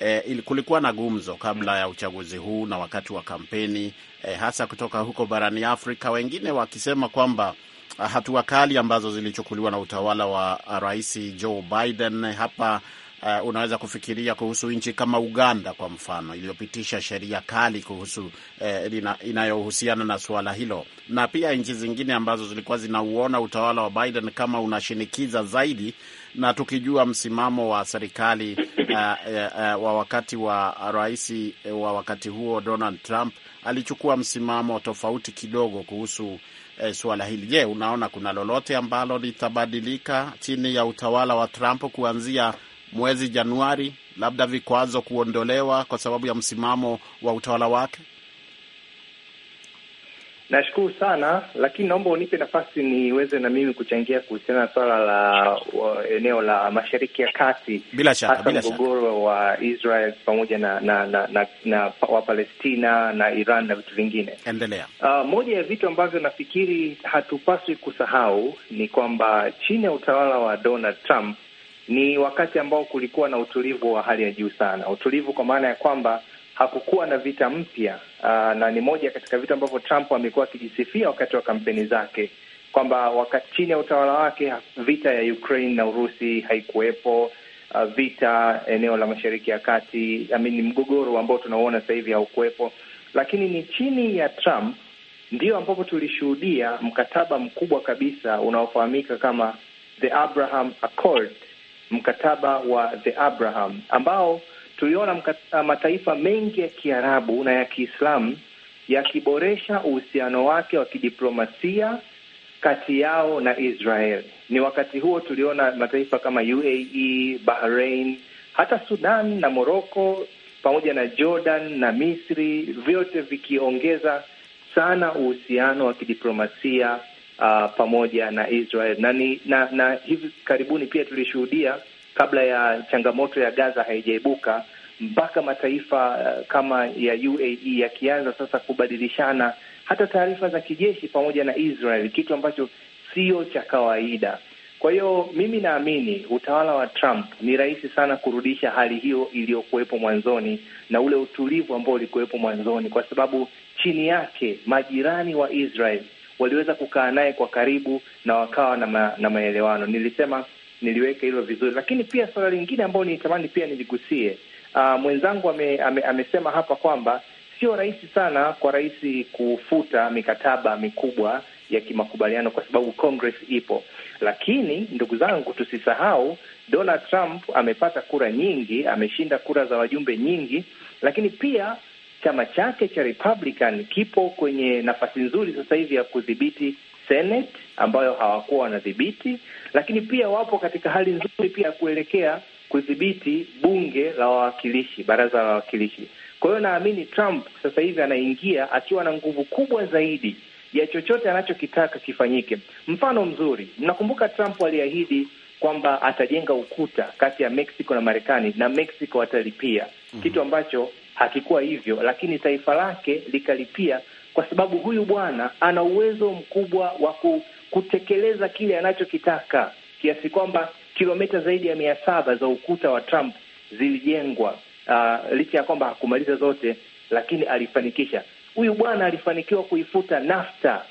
E, kulikuwa na gumzo kabla ya uchaguzi huu na wakati wa kampeni e, hasa kutoka huko barani Afrika, wengine wakisema kwamba ah, hatua kali ambazo zilichukuliwa na utawala wa ah, Rais Joe Biden hapa uh, unaweza kufikiria kuhusu nchi kama Uganda kwa mfano iliyopitisha sheria kali kuhusu uh, inayohusiana na suala hilo, na pia nchi zingine ambazo zilikuwa zinauona utawala wa Biden kama unashinikiza zaidi, na tukijua msimamo wa serikali uh, uh, uh, wa wakati wa rais uh, wa wakati huo Donald Trump alichukua msimamo tofauti kidogo kuhusu eh, suala hili. Je, unaona kuna lolote ambalo litabadilika chini ya utawala wa Trump kuanzia mwezi Januari, labda vikwazo kuondolewa kwa sababu ya msimamo wa utawala wake? Nashukuru sana lakini naomba unipe nafasi niweze na mimi kuchangia kuhusiana na swala la eneo la Mashariki ya Kati, bila shaka, hasa mgogoro wa Israel pamoja na na, na, na, na Wapalestina na Iran na vitu vingine. Endelea. Uh, moja ya vitu ambavyo nafikiri hatupaswi kusahau ni kwamba chini ya utawala wa Donald Trump ni wakati ambao kulikuwa na utulivu wa hali ya juu sana, utulivu kwa maana ya kwamba hakukuwa na vita mpya na ni moja katika vitu ambavyo Trump amekuwa akijisifia wakati wa kampeni zake kwamba wakati chini ya utawala wake vita ya Ukraine na Urusi haikuwepo. Uh, vita eneo la Mashariki ya Kati, I mean, mgogoro ambao tunauona sasa hivi haukuwepo, lakini ni chini ya Trump ndio ambapo tulishuhudia mkataba mkubwa kabisa unaofahamika kama the Abraham Accord mkataba wa the Abraham ambao tuliona mataifa mengi ya Kiarabu na ya Kiislamu yakiboresha uhusiano wake wa kidiplomasia kati yao na Israel. Ni wakati huo tuliona mataifa kama UAE, Bahrain, hata Sudan na Morocco pamoja na Jordan na Misri, vyote vikiongeza sana uhusiano wa kidiplomasia uh, pamoja na Israel na, ni, na, na hivi karibuni pia tulishuhudia kabla ya changamoto ya Gaza haijaibuka mpaka mataifa uh, kama ya UAE yakianza sasa kubadilishana hata taarifa za kijeshi pamoja na Israel, kitu ambacho sio cha kawaida. Kwa hiyo mimi naamini utawala wa Trump ni rahisi sana kurudisha hali hiyo iliyokuwepo mwanzoni na ule utulivu ambao ulikuwepo mwanzoni, kwa sababu chini yake majirani wa Israel waliweza kukaa naye kwa karibu na wakawa na, ma, na maelewano. Nilisema niliweke hilo vizuri, lakini pia suala lingine ambayo nilitamani pia niligusie, uh, mwenzangu ame, ame, amesema hapa kwamba sio rahisi sana kwa rais kufuta mikataba mikubwa ya kimakubaliano kwa sababu Congress ipo, lakini ndugu zangu, tusisahau Donald Trump amepata kura nyingi, ameshinda kura za wajumbe nyingi, lakini pia chama chake cha Republican kipo kwenye nafasi nzuri sasa hivi ya kudhibiti Senate ambayo hawakuwa wanadhibiti, lakini pia wapo katika hali nzuri pia ya kuelekea kudhibiti bunge la wawakilishi, baraza la wawakilishi. Kwa hiyo naamini Trump sasa hivi anaingia akiwa na nguvu kubwa zaidi ya chochote anachokitaka kifanyike. Mfano mzuri, mnakumbuka Trump aliahidi kwamba atajenga ukuta kati ya Mexico na Marekani na Mexico atalipia, mm -hmm. kitu ambacho Hakikuwa hivyo, lakini taifa lake likalipia, kwa sababu huyu bwana ana uwezo mkubwa wa kutekeleza kile anachokitaka, kiasi kwamba kilomita zaidi ya mia saba za ukuta wa Trump zilijengwa, uh, licha ya kwamba hakumaliza zote, lakini alifanikisha. Huyu bwana alifanikiwa kuifuta NAFTA,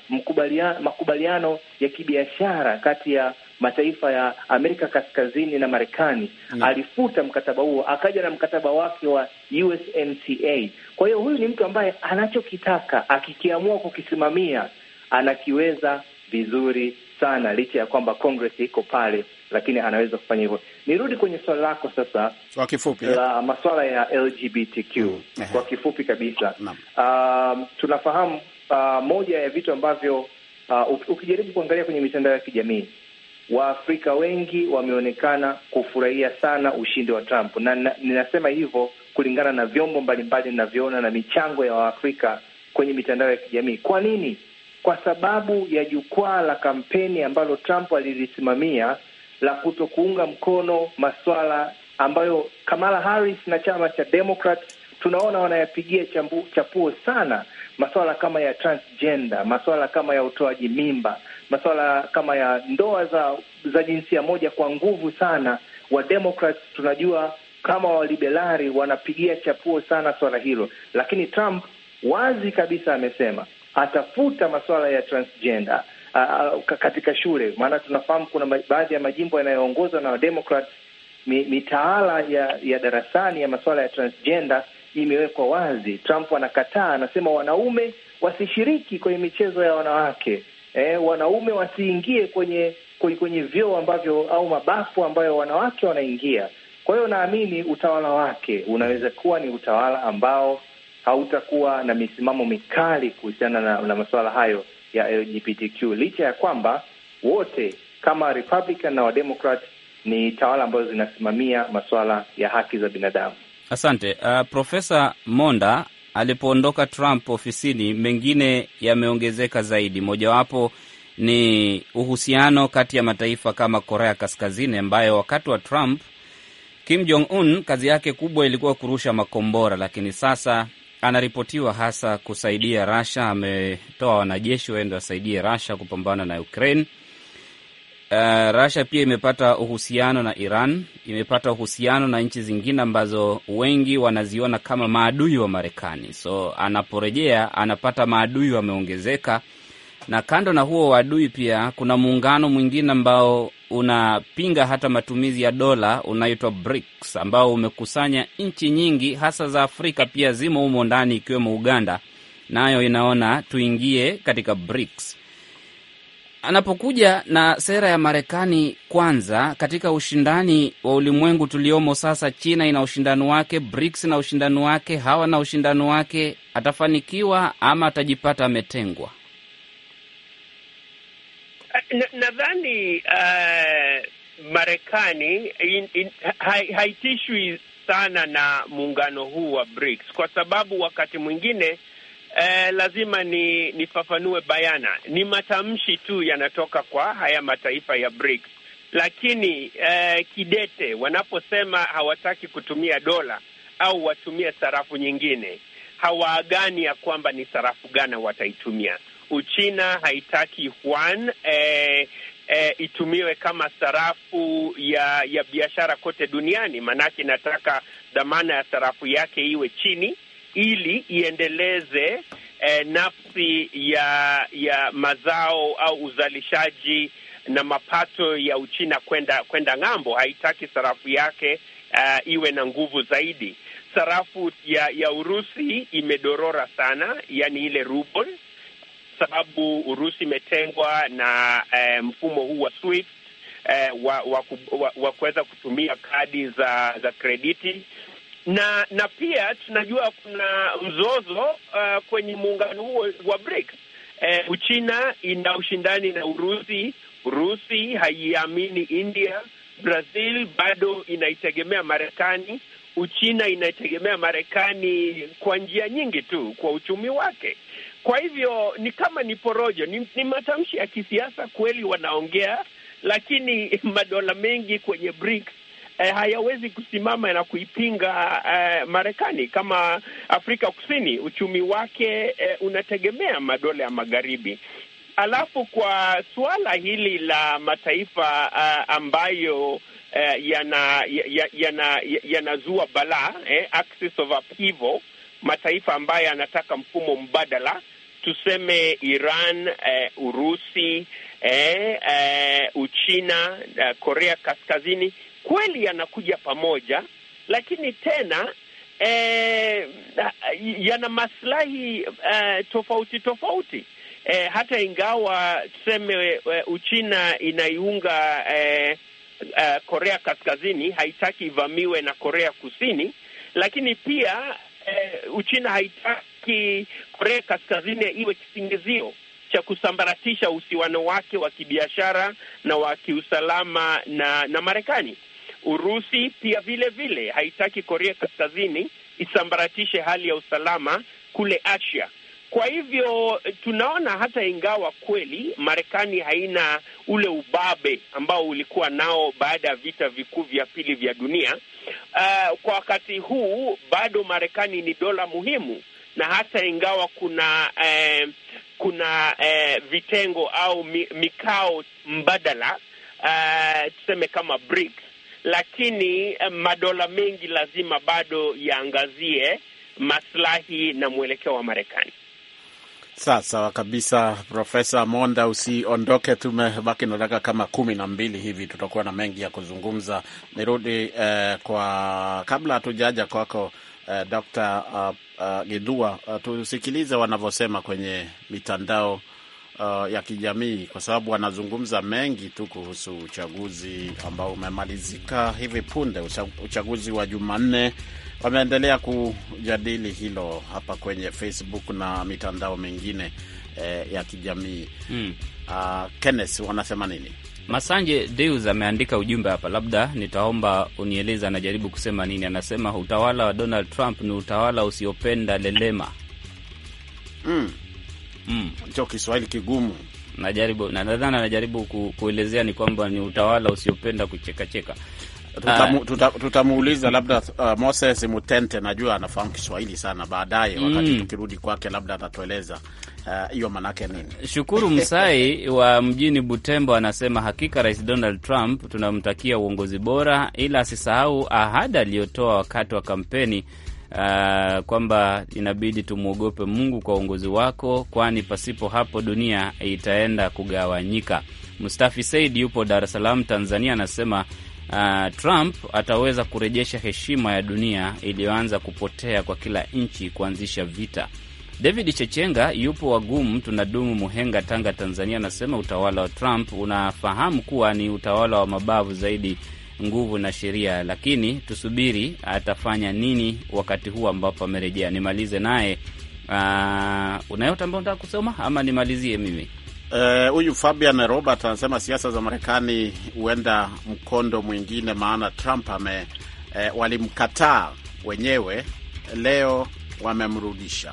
makubaliano ya kibiashara kati ya mataifa ya Amerika Kaskazini na Marekani mm. alifuta mkataba huo, akaja na mkataba wake wa USMCA. Kwa hiyo huyu ni mtu ambaye anachokitaka akikiamua kukisimamia anakiweza vizuri sana, licha ya kwamba Congress iko pale, lakini anaweza kufanya hivyo. Nirudi kwenye swali lako sasa, kwa kifupi, eh? la masuala ya LGBTQ mm. kwa kifupi kabisa uh, tunafahamu uh, moja ya vitu ambavyo uh, ukijaribu kuangalia kwenye mitandao ya kijamii Waafrika wengi wameonekana kufurahia sana ushindi wa Trump na, na ninasema hivyo kulingana na vyombo mbalimbali ninavyoona na michango ya Waafrika kwenye mitandao ya kijamii. Kwa nini? Kwa sababu ya jukwaa la kampeni ambalo Trump alilisimamia la kuto kuunga mkono masuala ambayo Kamala Harris na chama cha Democrat tunaona wanayapigia chapuo sana, maswala kama ya transgender, masuala kama ya utoaji mimba, masuala kama ya ndoa za za jinsia moja kwa nguvu sana. Wa tunajua kama waliberali wanapigia chapuo sana swala hilo, lakini Trump wazi kabisa amesema atafuta masuala ya transgender uh, katika shule. Maana tunafahamu kuna baadhi ya majimbo yanayoongozwa na Wademokrat, mitaala ya ya darasani ya masuala ya transgender imewekwa wazi. Trump anakataa, anasema wanaume wasishiriki kwenye michezo ya wanawake eh, wanaume wasiingie kwenye kwenye vyoo ambavyo au mabafu ambayo wanawake wanaingia. Kwa hiyo naamini utawala wake unaweza kuwa ni utawala ambao hautakuwa na misimamo mikali kuhusiana na, na masuala hayo ya LGBTQ licha ya kwamba wote kama Republican na Wademokrat ni tawala ambazo zinasimamia masuala ya haki za binadamu. Asante uh, Profesa Monda alipoondoka Trump ofisini, mengine yameongezeka zaidi. Mojawapo ni uhusiano kati ya mataifa kama Korea Kaskazini, ambayo wakati wa Trump Kim Jong Un kazi yake kubwa ilikuwa kurusha makombora, lakini sasa anaripotiwa hasa kusaidia Rasha. Ametoa wanajeshi waende wasaidie Rasha kupambana na Ukraine. Uh, Russia pia imepata uhusiano na Iran, imepata uhusiano na nchi zingine ambazo wengi wanaziona kama maadui wa Marekani. So anaporejea anapata maadui wameongezeka, na kando na huo waadui, pia kuna muungano mwingine ambao unapinga hata matumizi ya dola unaitwa BRICS, ambao umekusanya nchi nyingi hasa za Afrika, pia zimo humo ndani, ikiwemo Uganda, nayo inaona tuingie katika BRICS anapokuja na sera ya Marekani kwanza katika ushindani wa ulimwengu tuliomo sasa, China ina ushindani wake, BRICS na ushindani wake, hawa na ushindani wake, atafanikiwa ama atajipata ametengwa? Nadhani uh, Marekani haitishwi hai sana na muungano huu wa BRICS kwa sababu wakati mwingine eh, lazima ni nifafanue bayana, ni matamshi tu yanatoka kwa haya mataifa ya BRICS, lakini eh, kidete wanaposema hawataki kutumia dola au watumie sarafu nyingine, hawaagani ya kwamba ni sarafu gani wataitumia. Uchina haitaki yuan eh, E, itumiwe kama sarafu ya ya biashara kote duniani, maanake inataka dhamana ya sarafu yake iwe chini ili iendeleze eh, nafsi ya ya mazao au uzalishaji na mapato ya Uchina kwenda kwenda ng'ambo. Haitaki sarafu yake uh, iwe na nguvu zaidi. Sarafu ya ya Urusi imedorora sana, yani ile ruble, sababu Urusi imetengwa na eh, mfumo huu wa SWIFT eh, wa, wa, wa, wa kuweza kutumia kadi za za krediti na na pia tunajua kuna mzozo uh, kwenye muungano huo wa BRIC. Eh, Uchina ina ushindani na Urusi. Urusi haiamini India. Brazil bado inaitegemea Marekani. Uchina inaitegemea Marekani kwa njia nyingi tu kwa uchumi wake. Kwa hivyo ni kama ni porojo, ni, ni matamshi ya kisiasa kweli wanaongea, lakini madola mengi kwenye BRICS eh, hayawezi kusimama na kuipinga eh, Marekani kama Afrika Kusini uchumi wake eh, unategemea madola ya magharibi. Alafu kwa suala hili la mataifa uh, ambayo uh, yanazua ya, ya, ya ya balaa eh, axis of upheaval, mataifa ambayo yanataka mfumo mbadala, tuseme Iran eh, Urusi eh, eh, Uchina eh, Korea Kaskazini kweli yanakuja pamoja, lakini tena eh, yana maslahi eh, tofauti tofauti. Eh, hata ingawa tuseme eh, Uchina inaiunga eh, eh, Korea Kaskazini, haitaki ivamiwe na Korea Kusini, lakini pia eh, Uchina haitaki Korea Kaskazini iwe kisingizio cha kusambaratisha uhusiano wake wa kibiashara na wa kiusalama na na Marekani. Urusi pia vile vile haitaki Korea Kaskazini isambaratishe hali ya usalama kule Asia. Kwa hivyo eh, tunaona hata ingawa kweli Marekani haina ule ubabe ambao ulikuwa nao baada ya vita vikuu vya pili vya dunia, uh, kwa wakati huu bado Marekani ni dola muhimu, na hata ingawa kuna eh, kuna eh, vitengo au mikao mbadala uh, tuseme kama BRICS lakini eh, madola mengi lazima bado yaangazie maslahi na mwelekeo wa Marekani. Sawa sawa kabisa, Profesa Monda, usiondoke. Tumebaki na dakika kama kumi na mbili hivi, tutakuwa na mengi ya kuzungumza. Nirudi eh, kwa kabla hatujaja kwako eh, Dr. uh, uh, Gidua, uh, tusikilize wanavyosema kwenye mitandao uh, ya kijamii, kwa sababu anazungumza mengi tu kuhusu uchaguzi ambao umemalizika hivi punde, uchaguzi wa Jumanne. Wameendelea kujadili hilo hapa kwenye Facebook na mitandao mingine eh, ya kijamii mm. Uh, Kenneth wanasema nini? Masanje Deus ameandika ujumbe hapa, labda nitaomba unieleze anajaribu kusema nini. Anasema utawala wa Donald Trump ni utawala usiopenda lelema mm mm. Cho Kiswahili kigumu najaribu na nadhani anajaribu ku, kuelezea ni kwamba ni utawala usiopenda kuchekacheka. Ah, tutamuuliza tuta, tuta labda uh, Moses Mutente najua anafahamu Kiswahili sana, baadaye mm. wakati mm. tukirudi kwake labda atatueleza uh, hiyo uh, maanake nini. Shukuru Msai wa mjini Butembo anasema hakika Rais Donald Trump tunamtakia uongozi bora, ila asisahau ahadi aliyotoa wakati wa kampeni uh, kwamba inabidi tumwogope Mungu kwa uongozi wako, kwani pasipo hapo dunia itaenda kugawanyika. Mustafi Said yupo Dar es Salaam, Tanzania, anasema uh, Trump ataweza kurejesha heshima ya dunia iliyoanza kupotea kwa kila nchi kuanzisha vita. David Chechenga yupo Wagumu tunadumu Muhenga, Tanga, Tanzania, anasema utawala wa Trump unafahamu kuwa ni utawala wa mabavu zaidi nguvu na sheria, lakini tusubiri atafanya nini wakati huu ambapo amerejea. Nimalize naye uh, unayote ambao nataka kusoma ama nimalizie mimi eh, huyu uh, Fabian Robert anasema siasa za Marekani huenda mkondo mwingine, maana Trump ame uh, walimkataa wenyewe, leo wamemrudisha.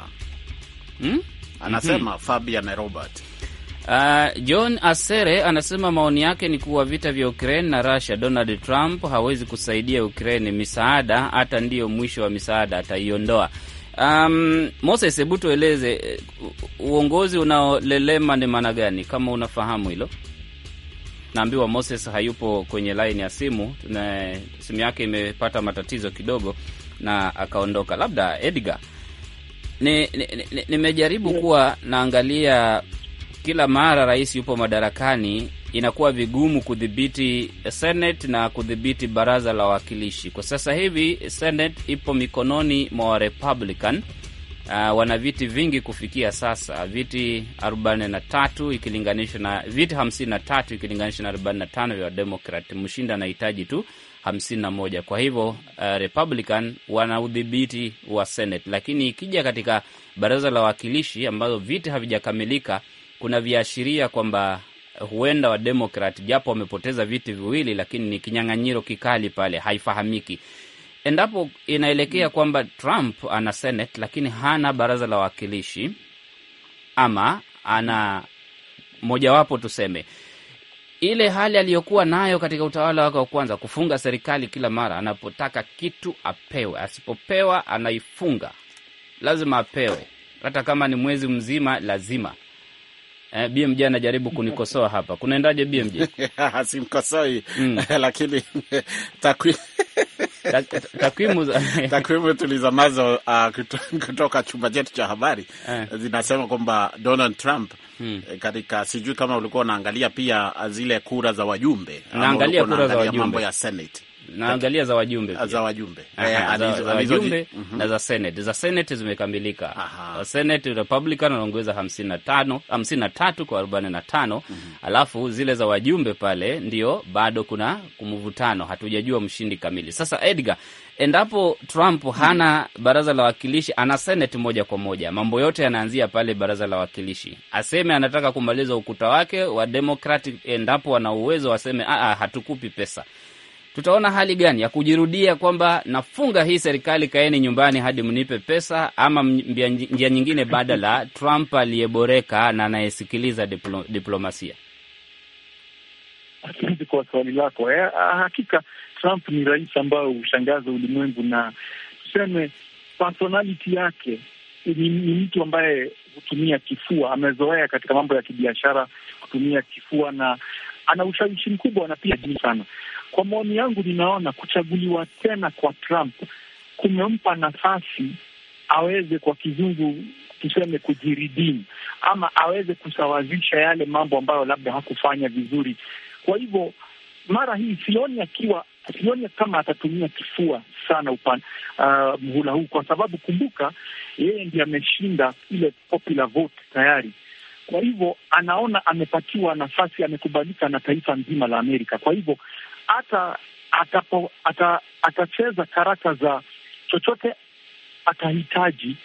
hmm? anasema mm -hmm. Fabian Robert Uh, John Asere anasema maoni yake ni kuwa vita vya Ukraine na Russia, Donald Trump hawezi kusaidia Ukraine misaada, hata ndiyo mwisho wa misaada ataiondoa. Um, Moses, hebu tueleze uh, uongozi unaolelema ni maana gani, kama unafahamu hilo? Naambiwa Moses hayupo kwenye laini ya simu na simu yake imepata matatizo kidogo na akaondoka. Labda Edgar, nimejaribu ni, ni, ni kuwa naangalia kila mara rais yupo madarakani, inakuwa vigumu kudhibiti Senate na kudhibiti baraza la wawakilishi. Kwa sasa hivi Senate ipo mikononi mwa Warepublican. Uh, wana viti vingi kufikia sasa, viti 43 ikilinganishwa na viti 53 ikilinganishwa na 45 vya Wademokrat. Mshindi anahitaji tu 51. Kwa hivyo uh, Republican wana udhibiti wa Senate, lakini ikija katika baraza la wawakilishi ambazo viti havijakamilika kuna viashiria kwamba huenda Wademokrat japo wamepoteza viti viwili, lakini ni kinyang'anyiro kikali pale, haifahamiki endapo inaelekea mm. kwamba Trump ana Senate lakini hana baraza la wawakilishi ama ana mojawapo tuseme ile hali aliyokuwa nayo katika utawala wake wa kwanza, kufunga serikali kila mara anapotaka kitu apewe, asipopewa anaifunga, lazima apewe, hata kama ni mwezi mzima, lazima Eh, BMJ anajaribu kunikosoa hapa. Kunaendaje BMJ? Simkosoi mm. lakini takwimu takwimu takwimu tulizo nazo uh, ah, kutoka chumba chetu cha habari eh, zinasema kwamba Donald Trump hmm. Eh, katika sijui kama ulikuwa unaangalia pia ah, zile kura za wajumbe, naangalia kura za wajumbe, mambo ya Senate naangalia za wajumbe za wajumbe eh, wajumbe mhm. na za senate. Za senate zimekamilika. Za senate Republican wanaongeza hamsini na tano hamsini na tatu kwa arobaini na tano mhm. Alafu zile za wajumbe pale ndio bado kuna mvutano, hatujajua mshindi kamili. Sasa Edgar, endapo Trump hana baraza la wakilishi ana senate moja kwa moja, mambo yote yanaanzia pale baraza la wakilishi Aseme anataka kumaliza ukuta wake wa Democratic, endapo wana uwezo waseme, ah, ah, hatukupi pesa tutaona hali gani ya kujirudia kwamba nafunga hii serikali, kaeni nyumbani hadi mnipe pesa, ama njia nyingine badala Trump aliyeboreka na anayesikiliza diplo, diplomasia. Asante kwa swali lako. Eh, ah, hakika Trump ni rais ambayo hushangaza ulimwengu na tuseme personality yake ni, ni mtu ambaye hutumia kifua. Amezoea katika mambo ya kibiashara kutumia kifua na ana ushawishi mkubwa na pia juu sana. Kwa maoni yangu, ninaona kuchaguliwa tena kwa Trump kumempa nafasi aweze kwa kizungu tuseme kujiridimu, ama aweze kusawazisha yale mambo ambayo labda hakufanya vizuri. Kwa hivyo mara hii sioni akiwa sioni kama atatumia kifua sana upan uh, mhula huu, kwa sababu kumbuka, yeye ndiye ameshinda ile popular vote tayari. Kwa hivyo anaona amepatiwa nafasi, amekubalika na taifa nzima la Amerika. Kwa hivyo hata atapo ata, atacheza karata za chochote atahitaji,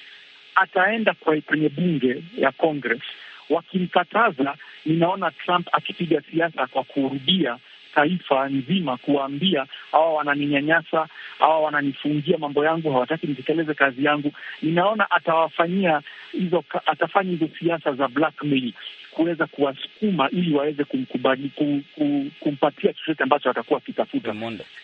ataenda kwa kwenye bunge ya Congress wakimkataza. Ninaona Trump akipiga siasa kwa kurudia taifa nzima kuwaambia hawa wananinyanyasa, hawa wananifungia mambo yangu, hawataki nitekeleze kazi yangu. Ninaona atawafanyia hizo, atafanya hizo siasa za blackmail kuweza kuwasukuma ili waweze kumkubali, kum, kum, kumpatia chochote ambacho watakuwa wakitafuta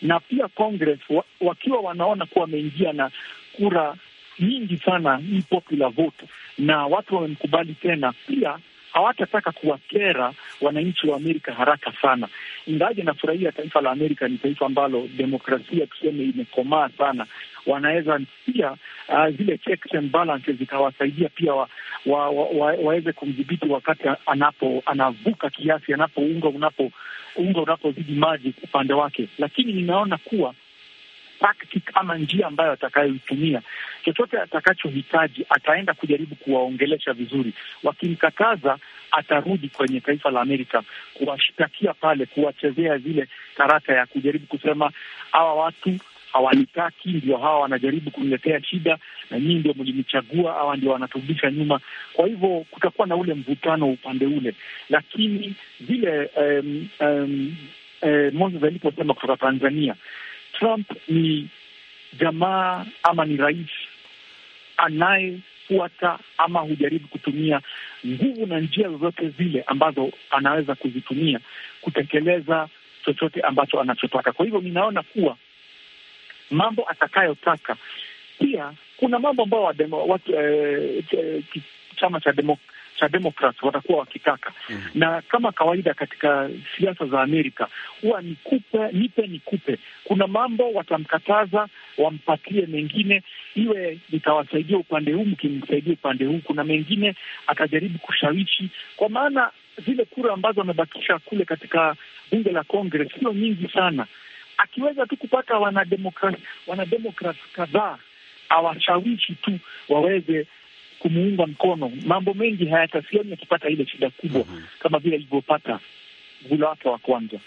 Na pia Congress wa, wakiwa wanaona kuwa wameingia na kura nyingi sana hii popular vote na watu wamemkubali tena, pia hawatataka kuwakera wananchi wa Amerika haraka sana. Ingaje nafurahia taifa la Amerika ni taifa ambalo demokrasia tuseme imekomaa sana, wanaweza pia uh, zile checks and balances zikawasaidia pia wa, wa, wa, wa, waweze kumdhibiti wakati anapo anavuka kiasi, anapounga unapo unga unapozidi maji upande wake, lakini ninaona kuwa tactic ama njia ambayo atakayoitumia, chochote atakachohitaji ataenda kujaribu kuwaongelesha vizuri. Wakimkataza atarudi kwenye taifa la Amerika kuwashtakia pale, kuwachezea zile karata ya kujaribu kusema hawa watu hawanitaki, ndio hawa wanajaribu kuniletea shida, na nyinyi ndio mlinichagua, hawa ndio wanaturudisha nyuma. Kwa hivyo kutakuwa na ule mvutano upande ule, lakini vile um, um, um, Moses aliposema kutoka Tanzania Trump ni jamaa ama ni rais anayefuata ama hujaribu kutumia nguvu na njia zozote zile ambazo anaweza kuzitumia kutekeleza chochote ambacho anachotaka. Kwa hivyo ninaona kuwa mambo atakayotaka pia kuna mambo ambayo eh, chama cha cha Democrats watakuwa wakitaka mm -hmm. Na kama kawaida katika siasa za Amerika huwa nikupe nipe nikupe, kuna mambo watamkataza wampatie mengine, iwe nitawasaidia upande huu mkimsaidia upande huu, kuna mengine atajaribu kushawishi, kwa maana zile kura ambazo amebakisha kule katika bunge la Congress sio nyingi sana. Akiweza tu kupata wanademokrat wanademokrat kadhaa awashawishi tu waweze kumuunga mkono, mambo mengi hayatasiani akipata ile shida kubwa mm -hmm. kama vile alivyopata mhula wake wa kwanza.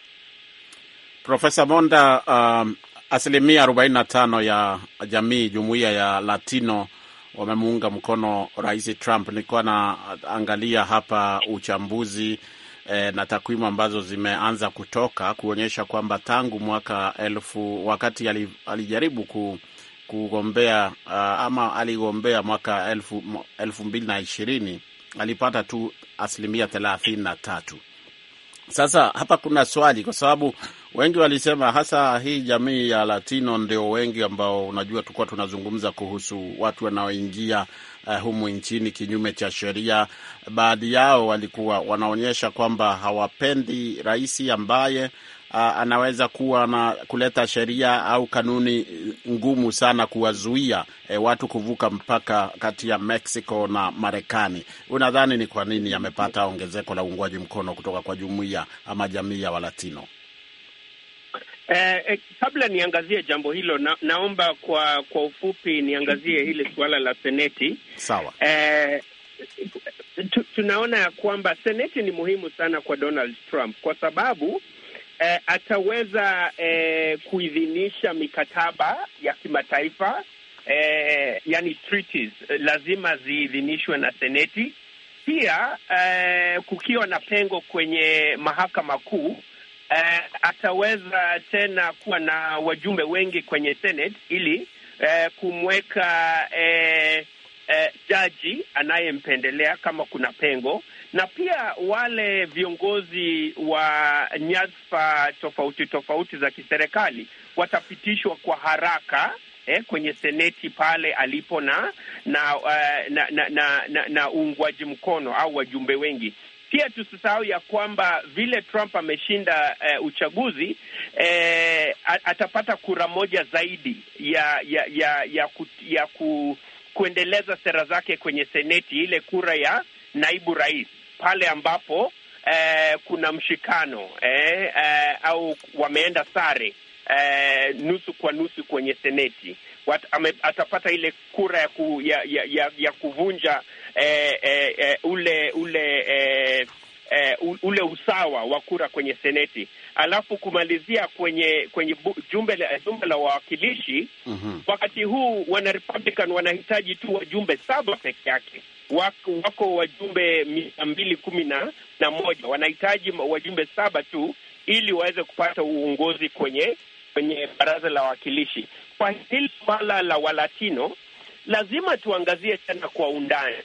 Profesa Monda, um, asilimia arobaini na tano ya jamii jumuiya ya Latino wamemuunga mkono Rais Trump. Nilikuwa naangalia hapa uchambuzi eh, na takwimu ambazo zimeanza kutoka kuonyesha kwamba tangu mwaka elfu wakati alijaribu ku, kugombea uh, ama aligombea mwaka elfu, elfu mbili na ishirini alipata tu asilimia thelathini na tatu. Sasa hapa kuna swali, kwa sababu wengi walisema, hasa hii jamii ya Latino ndio wengi ambao, unajua, tulikuwa tunazungumza kuhusu watu wanaoingia uh, humu nchini kinyume cha sheria. Baadhi yao walikuwa wanaonyesha kwamba hawapendi rais ambaye Uh, anaweza kuwa na kuleta sheria au kanuni ngumu sana kuwazuia eh, watu kuvuka mpaka kati ya Mexico na Marekani. Unadhani ni kwa nini amepata ongezeko la uungwaji mkono kutoka kwa jumuiya ama jamii ya Walatino? Eh, eh, kabla niangazie jambo hilo na, naomba kwa kwa ufupi niangazie hili suala la seneti. Sawa. Eh, tu, tunaona ya kwamba seneti ni muhimu sana kwa Donald Trump kwa sababu eh, ataweza eh, kuidhinisha mikataba ya kimataifa eh, yani treaties eh, lazima ziidhinishwe na Seneti. Pia eh, kukiwa na pengo kwenye mahakama kuu eh, ataweza tena kuwa na wajumbe wengi kwenye Senate ili eh, kumweka eh, eh, jaji anayempendelea kama kuna pengo na pia wale viongozi wa nyadhifa tofauti tofauti za kiserikali watapitishwa kwa haraka eh, kwenye seneti pale alipo na na, na, eh, na, na, na, na, na uungwaji mkono au wajumbe wengi. Pia tusisahau ya kwamba vile Trump ameshinda eh, uchaguzi eh, atapata kura moja zaidi ya ya ya, ya, ku, ya ku, kuendeleza sera zake kwenye seneti, ile kura ya naibu rais pale ambapo eh, kuna mshikano eh, eh, au wameenda sare eh, nusu kwa nusu kwenye seneti Wat, ame, atapata ile kura ya, ku, ya, ya, ya, ya kuvunja eh, eh, eh ule ule eh, Uh, ule usawa wa kura kwenye seneti alafu kumalizia kwenye kwenye jumbe la, jumbe la wawakilishi mm -hmm. Wakati huu wana Republican wanahitaji tu wajumbe saba peke yake wako, wako wajumbe mia mbili kumi na na moja. Wanahitaji wajumbe saba tu ili waweze kupata uongozi kwenye kwenye baraza la wawakilishi. Kwa hili swala la Walatino lazima tuangazie tena kwa undani.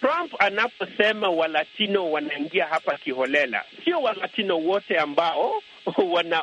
Trump anaposema Walatino wanaingia hapa kiholela, sio Walatino wote ambao wana,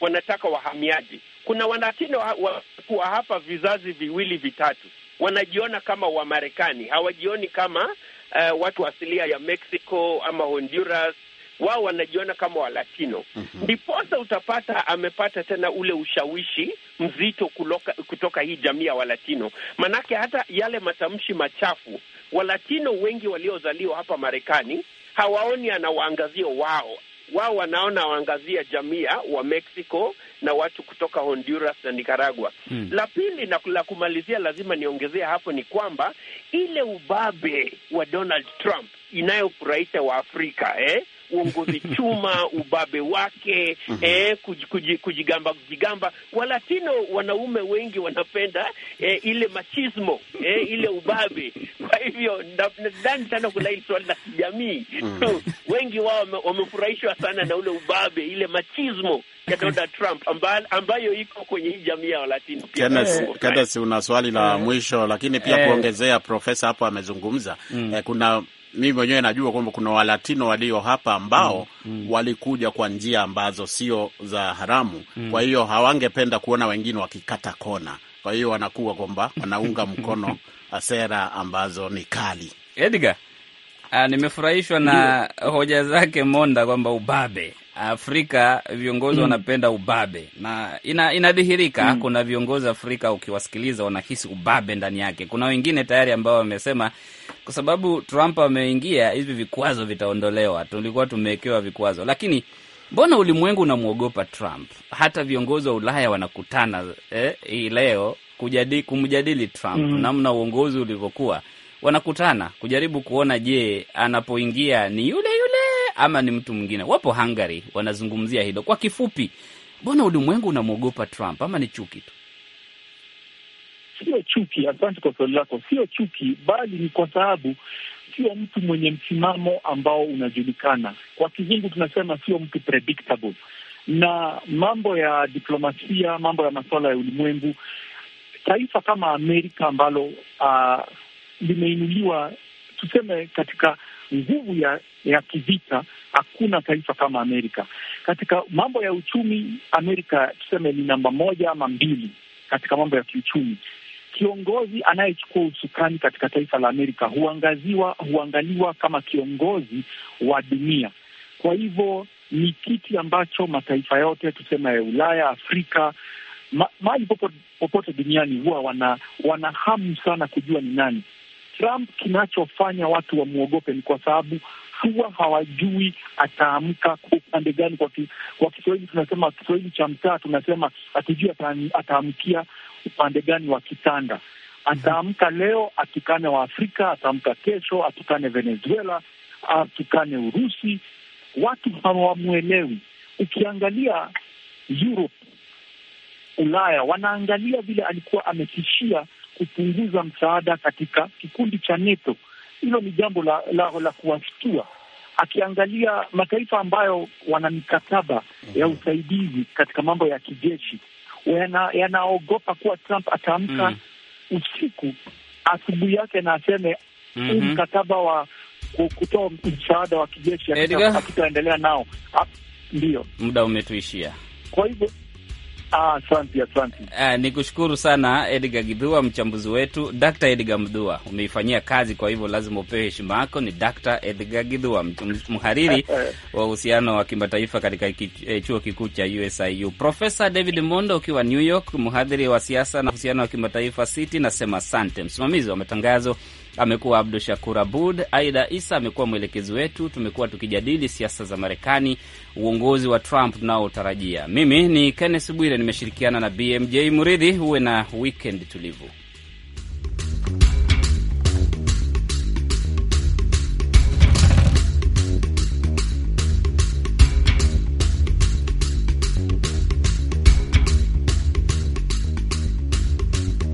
wanataka wahamiaji. Kuna Walatino wa, wa, wa hapa vizazi viwili vitatu wanajiona kama Wamarekani, hawajioni kama uh, watu asilia ya Mexico ama Honduras wao wanajiona kama Walatino mhm. ndiposa, mm -hmm. Utapata amepata tena ule ushawishi mzito kuloka, kutoka hii jamii ya Walatino, manake hata yale matamshi machafu Walatino wengi waliozaliwa hapa Marekani hawaoni ana waangazio wao wao wanaona waangazia jamia wa Mexico na watu kutoka Honduras na Nicaragua. Hmm. La pili na la kumalizia, lazima niongezea hapo ni kwamba ile ubabe wa Donald Trump inayofurahisha Waafrika eh? uongozi chuma, ubabe wake mm -hmm. eh, kuj, kuj, kujigamba kujigamba. Walatino wanaume wengi wanapenda eh, ile machismo eh, ile ubabe. Kwa hivyo nadhani sana kuna hili swali la kijamii mm -hmm. wengi wao wamefurahishwa sana na ule ubabe, ile machismo ya Donald Trump ambayo iko kwenye hii jamii ya Walatino eh. Kenneth, una swali la eh. mwisho lakini pia eh. kuongezea, profesa hapo amezungumza mm. eh, kuna mimi mwenyewe najua kwamba kuna Walatino walio hapa ambao mm, mm, walikuja kwa njia ambazo sio za haramu mm. Kwa hiyo hawangependa kuona wengine wakikata kona, kwa hiyo wanakuwa kwamba wanaunga mkono sera ambazo ni kali. Edgar, ah, nimefurahishwa na hoja zake Monda kwamba ubabe Afrika viongozi mm. wanapenda ubabe na ina, inadhihirika mm. Kuna viongozi Afrika ukiwasikiliza wanahisi ubabe ndani yake. Kuna wengine tayari ambao wamesema kwa sababu Trump ameingia, hivi vikwazo vitaondolewa. Tulikuwa tumewekewa vikwazo, lakini mbona ulimwengu unamwogopa Trump? Hata viongozi wa Ulaya wanakutana eh, hii leo kumjadili Trump mm. namna uongozi ulivyokuwa, wanakutana kujaribu kuona, je, anapoingia ni yule yule ama ni mtu mwingine? Wapo Hungary wanazungumzia hilo. Kwa kifupi, mbona ulimwengu unamwogopa Trump ama ni chuki tu? sio chuki. Asante kwa swali lako, sio chuki, bali ni kwa sababu sio mtu mwenye msimamo ambao unajulikana. Kwa kizungu tunasema sio mtu predictable, na mambo ya diplomasia, mambo ya masuala ya ulimwengu, taifa kama Amerika ambalo uh, limeinuliwa tuseme katika nguvu ya ya kivita, hakuna taifa kama Amerika. Katika mambo ya uchumi, Amerika tuseme ni namba moja ama mbili katika mambo ya kiuchumi, kiongozi anayechukua usukani katika taifa la Amerika huangaziwa huangaliwa kama kiongozi wa dunia. Kwa hivyo ni kiti ambacho mataifa yote tuseme ya Ulaya, Afrika, mahali popote, popote duniani huwa wana, wana hamu sana kujua ni nani Trump. Kinachofanya watu wamwogope ni kwa sababu huwa hawajui ataamka kwa upande gani. Kwa, ki, kwa Kiswahili tunasema Kiswahili cha mtaa tunasema hatujui ataamkia upande gani wa kitanda. Ataamka leo atukane wa Afrika, ataamka kesho atukane Venezuela, atukane Urusi. Watu hawamwelewi. Ukiangalia Europe, Ulaya, wanaangalia vile alikuwa ametishia kupunguza msaada katika kikundi cha NATO hilo ni jambo la, la, la kuwashtua akiangalia mataifa ambayo wana mikataba ya mhm. usaidizi katika mambo ya kijeshi yanaogopa yana kuwa Trump ataamka mm. usiku asubuhi yake na aseme huu mm -hmm. mkataba wa kutoa msaada wa kijeshi akitaendelea nao. Ah, ndio muda umetuishia, kwa hivyo Ah, asante, asante. Eh, ni kushukuru sana Edgar Gidhua, mchambuzi wetu. Dr. Edgar Mdhua, umeifanyia kazi, kwa hivyo lazima upewe heshima yako. Ni d Edgar Gidhua, mhariri eh, eh. wa uhusiano wa kimataifa katika chuo kikuu cha USIU. Profesa David Mondo, ukiwa New York, mhadhiri wa siasa na uhusiano wa kimataifa City, nasema asante. Msimamizi wa matangazo amekuwa Abdu Shakur Abud. Aida Isa amekuwa mwelekezi wetu. Tumekuwa tukijadili siasa za Marekani, uongozi wa Trump tunaotarajia. Mimi ni Kenneth Bwire, nimeshirikiana na BMJ Muridhi. Huwe na wikend tulivu.